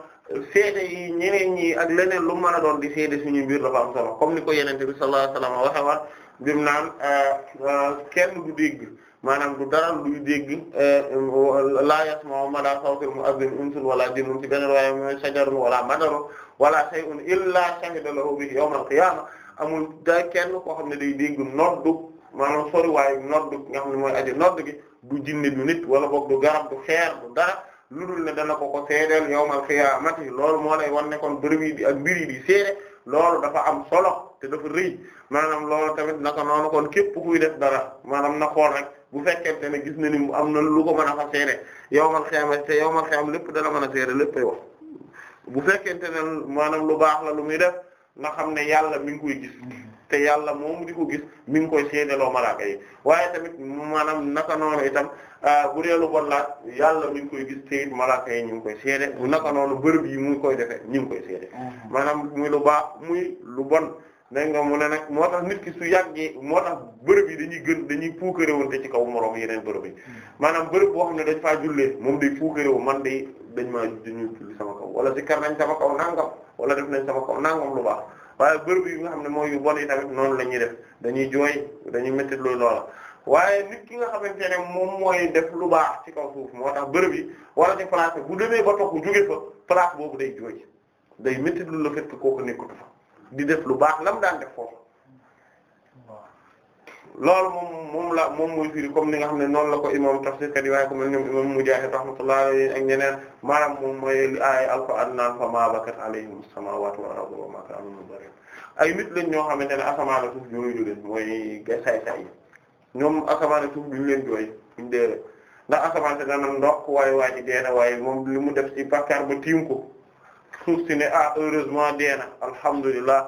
seede yi ñeneen ñi ak leneen lu mën a doon di seede suñuy mbir dafa am solo comme ni ko yenente bi sallallahu alayhi wasallam waxe wax bim naan euh, euh, kenn du dégg maanaam du dara luy dégg euh, laa yasma'u madaa sawtil mu'azzin insun wala jinnun ci beneen waaye mooy sajarun wala madarun wala shay'un illaa shahida lahu bihi yawmal qiyaama amul da kenn koo xam ne day dégg noddu maanaam sori waaye noddu nga xam ne mooy aji noddu gi du jinne du nit wala boog du garab du xeer du dara lu dul ne dana ko ko seedeel yawmal qiyaamati loolu moo lay wan ne kon bërëb yi di ak mbir yi di seede loolu dafa am solo te dafa rëy maanaam loolu tamit naka noonu kon képp kuy def dara maanaam na bu te ne gis na ni mu am na lu ko mën a fa seere yowmal xiyaama te yowmal xiyaama lépp dala mën a seere léppay wax bu fekkente ne maanaam lu baax la lu muy def nga xam ne yàlla mi ngi koy gis te yàlla mu di ko gis mi ngi koy seedeloo malaaka yi waaye tamit maanaam naka noonu itam ah, bu dee lu bon la yàlla mi koy gis te it malaaka yi ñu ngi koy seede bu naka noonu bërëb yi mu koy defee ñu koy seede mm-hmm. maanaam muy lu baax muy lu bon dégg nga mu ne nag moo tax nit ki su yàggee moo tax bërëb yi dañuy gën dañuy puukarewante ci kaw moroom yeneen bërëb yi hmm. maanaam bërëb boo xam ne dañ faa jullee moom day puukarewu man day dañ maa dañuy julli sama kaw wala si kar nañ sama kaw nangam wala def nañ sama kaw nangam lu baax waaye bërëb yi nga xam ne mooy yu bon yi tamit noonu la ñuy def dañuy jooy dañuy métti loolu waaye nit ki nga xamante ne moom mooy def lu baax ci kaw suuf moo tax bërëb yi wala ci place bu demee ba toog jóge fa place boobu day jooy day métti lu la fekk kooku nekkatu fa di def lu baax lam daan def foofu loolu moom moom la moom mooy firi comme ni nga xam ne noonu la ko imam tafsir kat yi waaye ko mel ñoom imam Mujaahid rahmatullahi alayhi ak ñeneen maanaam moom mooy li aay alquran naan fa ma bakat wa ay nit lañ ñoo xamante ne asamaan ak suuf jooyu lu mooy ga say ñoom asamaan ak suuf duñu leen jooy duñu deere ndax asamaan te dana ndox waaye waa ji deena waaye moom li mu def ci bàkkaar ba tiim ko suuf si ne ah heureusement dee na alhamdulilah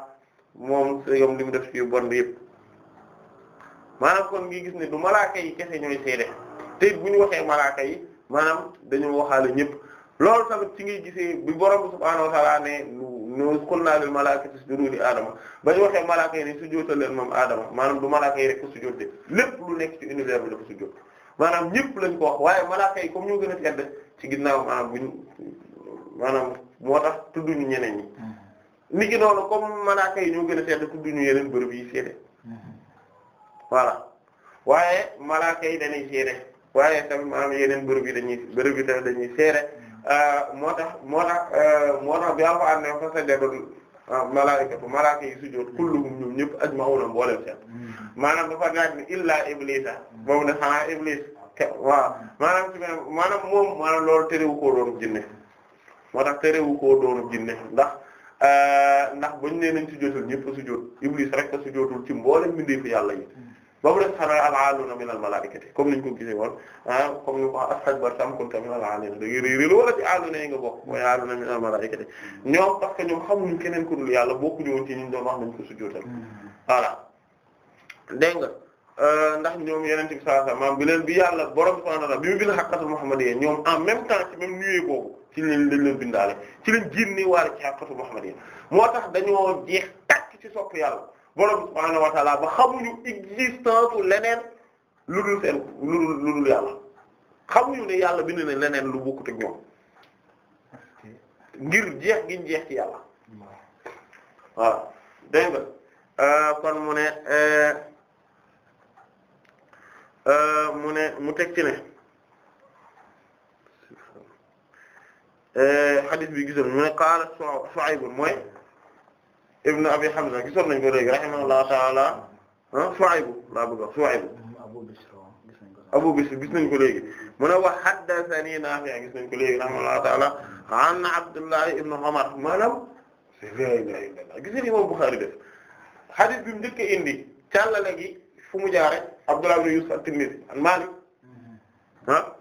moom sëgam li mu def ci bon bi yëpp maanaam kon ngi gis ne du malaaka yi kese ñooy seede te bu ñu waxee malaaka yi maanaam dañoo waxaale ñëpp loolu tamit ci ngay gisee bi borom subhaanahu wa ta'aala ne nu qulnaa ba ñu waxee malaaka yi ne sujjóotal moom aadama maanaam du malaaka yi rek ko sujjóot de lépp lu nekk ci univers bi la ko maanaam ñëpp lañ ko wax waaye malaaka yi comme ñoo gën a tedd ci ginnaaw maanaam maanaam moo tax tudduñu ñeneen ñi mm-hmm. nit ki noonu comme malaaka yi ñoo gën a sedd tudduñu yeneen bërëb yi seede mm-hmm. voilà waaye malaaka yi dañuy seede waaye tamit maanaam yeneen bërëb yi dañuy bërëb yi tamit dañuy seede mm-hmm. ah, moo tax moo tax ah, moo tax bi Alxuraan ne fa sajadul ah, malaa'ikatu malaaka yi sujjóot kulluhum ñoom ñëpp ajma'una mboolem seen maanaam dafa laaj ni illaa iblisa moom ne xanaa iblis waaw maanaam maanaam moom maanaam loolu terewu ko doon jinne moo tax terewu koo doonu jinne ndax euh, ndax bañ nee nañ sujjóotul ñëpp sujjóot iblis rek a sujjóotul ci mboolem mbindeefu yàlla yi ba mu def xanaa al'aaluna min al-malaa'ikati comme niñ ko gisee woon ah comme ni ko astakbarta am kunta min al-'aaliin da ngay réeréer wala ci aaluna yi nga bokk mooy aaluna min al-malaa'ikati ñoom ku dul yàlla bokkuñu woon ci ñun doon wax nañ ko euh, ndax ñoom yeneen ci saa saa maam bi leen bi yàlla borom subhaanahu wa ta'aala bi mu bind haqqatul muhammadiyya ñoom en même temps ci même nuée boobu. ci lañ lañ leen bindaale ci lañ génne waale ci xaqiiqatu Muhammad yi moo tax dañoo jeex tàkk ci sopp yàlla borom subhaanahu wa ta'ala ba xamuñu existence leneen lu dul seen lu dul lu dul yàlla xamuñu ne yàlla bind na leneen lu bokkut ak ñoom ngir jeex giñ jeex ci yàlla voilà dégg euh, kon mu ne euh, euh, mu ne mu teg ci ne. hadith eh, bi gisoon mu ne qaala Shu'ayb mooy ibn Abi Hamza gisoon nañ ko léegi rahimahullahu ta'ala Shu'ayb laa bëgg a wax Shu'ayb Abu Bishr gis nañ ko léegi mu ne wa haddathani Naafi' gis nañ ko léegi rahimahullahu ta'ala an Abdullah ibn Umar maanaam c'est vrai gis nañ Imam Bukhari def hadith bi mu njëkk a indi càllale gi fu mu jaare Abdullah ibn Yusuf at-Tinnisi an Maalik ah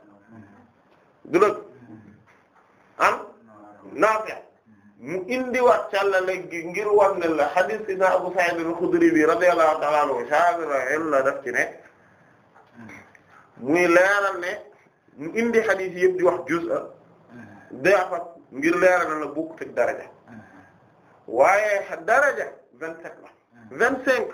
Naafi' mu indiwaat càllale gi ngir wax ne la hadis Sayyidina Abu Sa'id al-Khudri bi radiyallahu ta'ala anhu saabira daf ci ne muy leeral ne mu indi hadis yëpp di wax juz'a daafat ngir leeral ne la bokk teg daraja waaye daraja vingt sept la vingt cinq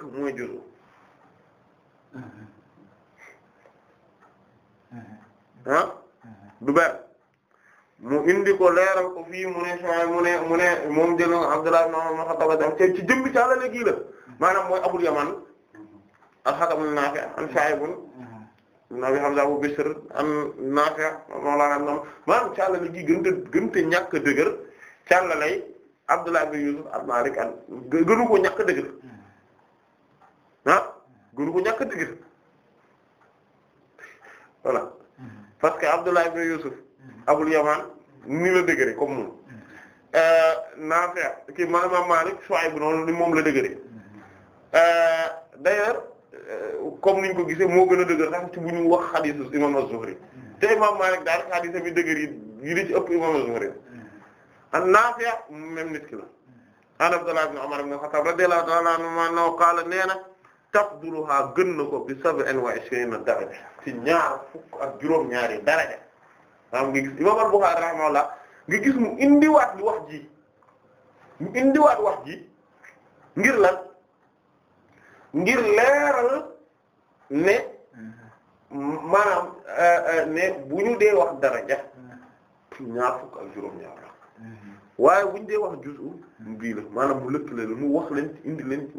mu indi ko leeral ko fii mu ne saa mu ne mu ne moom jël Abdullah ibn Umar Khattab am ci jëmbi caalale gii la maanaam mooy Abul Yaman al-Hakam an-Nafi' an Shu'ayb ibn Abi Hamza Abu Bishr an Nafi' mawla nam maanaam caalale gii gën te gën te ñàkk a dëgër caalalay Abdullah ibn Yusuf al-Malik an gënu ko ñàkk a dëgër ah gënu ko ñàkk a dëgër voilà mm-hmm. parce que Abdullah ibn Yusuf. Mm-hmm. Abul Yamaan ni la dëgëre comme moom mm-hmm. euh, Naafi' kii maanaam Maalik Shuayb noonu ni moom la dëgëre mm-hmm. euh, d'ailleurs euh, comme niñ ko gisee moo gën a dëgër sax ci bu ñu wax xadiisu imaam az te imaam Maalik daal xadiis bi dëgër yi yi di ci ëpp imaam Az-Zuhri an Naafi' même nit ki la an Abdullah ibn Umar ibn Khattab radiyallahu ta'ala anhu no qaala nee na tafduluha gën na ko bi sab'in wa ishrina daraja ci ñaar fukk ak juróom-ñaari daraja maanaam nga gis imam al-Bukhari rahimahullah nga gis mu indiwaat li wax ji mu indiwaat wax ji ngir lan ngir leeral ne maanaam euh, euh, ne bu ñu dee wax daraja ñaar fukk ak juróom-ñaar la waaye bu ñu dee wax juzu bii la maanaam mu lëkkale la mu wax leen ci indi leen ci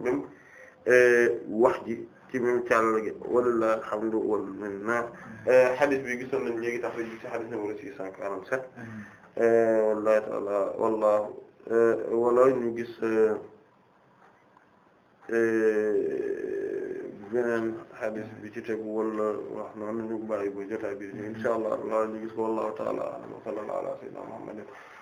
euh, wax ji ci même càll gi walillahi alhamdu wal minna hadith mm-hmm. euh, bi gisoon nañ léegi tax ci hadith numéro 647 mm-hmm. euh, wallahi ta'ala wallahu euh, wala ñu gis beneen hadith bi ci tegu wala wax noonu ñu bàyyi ba jotaay bi inshallah ñu gis wallahu ta'ala wa sallallahu ala sayyidina muhammadin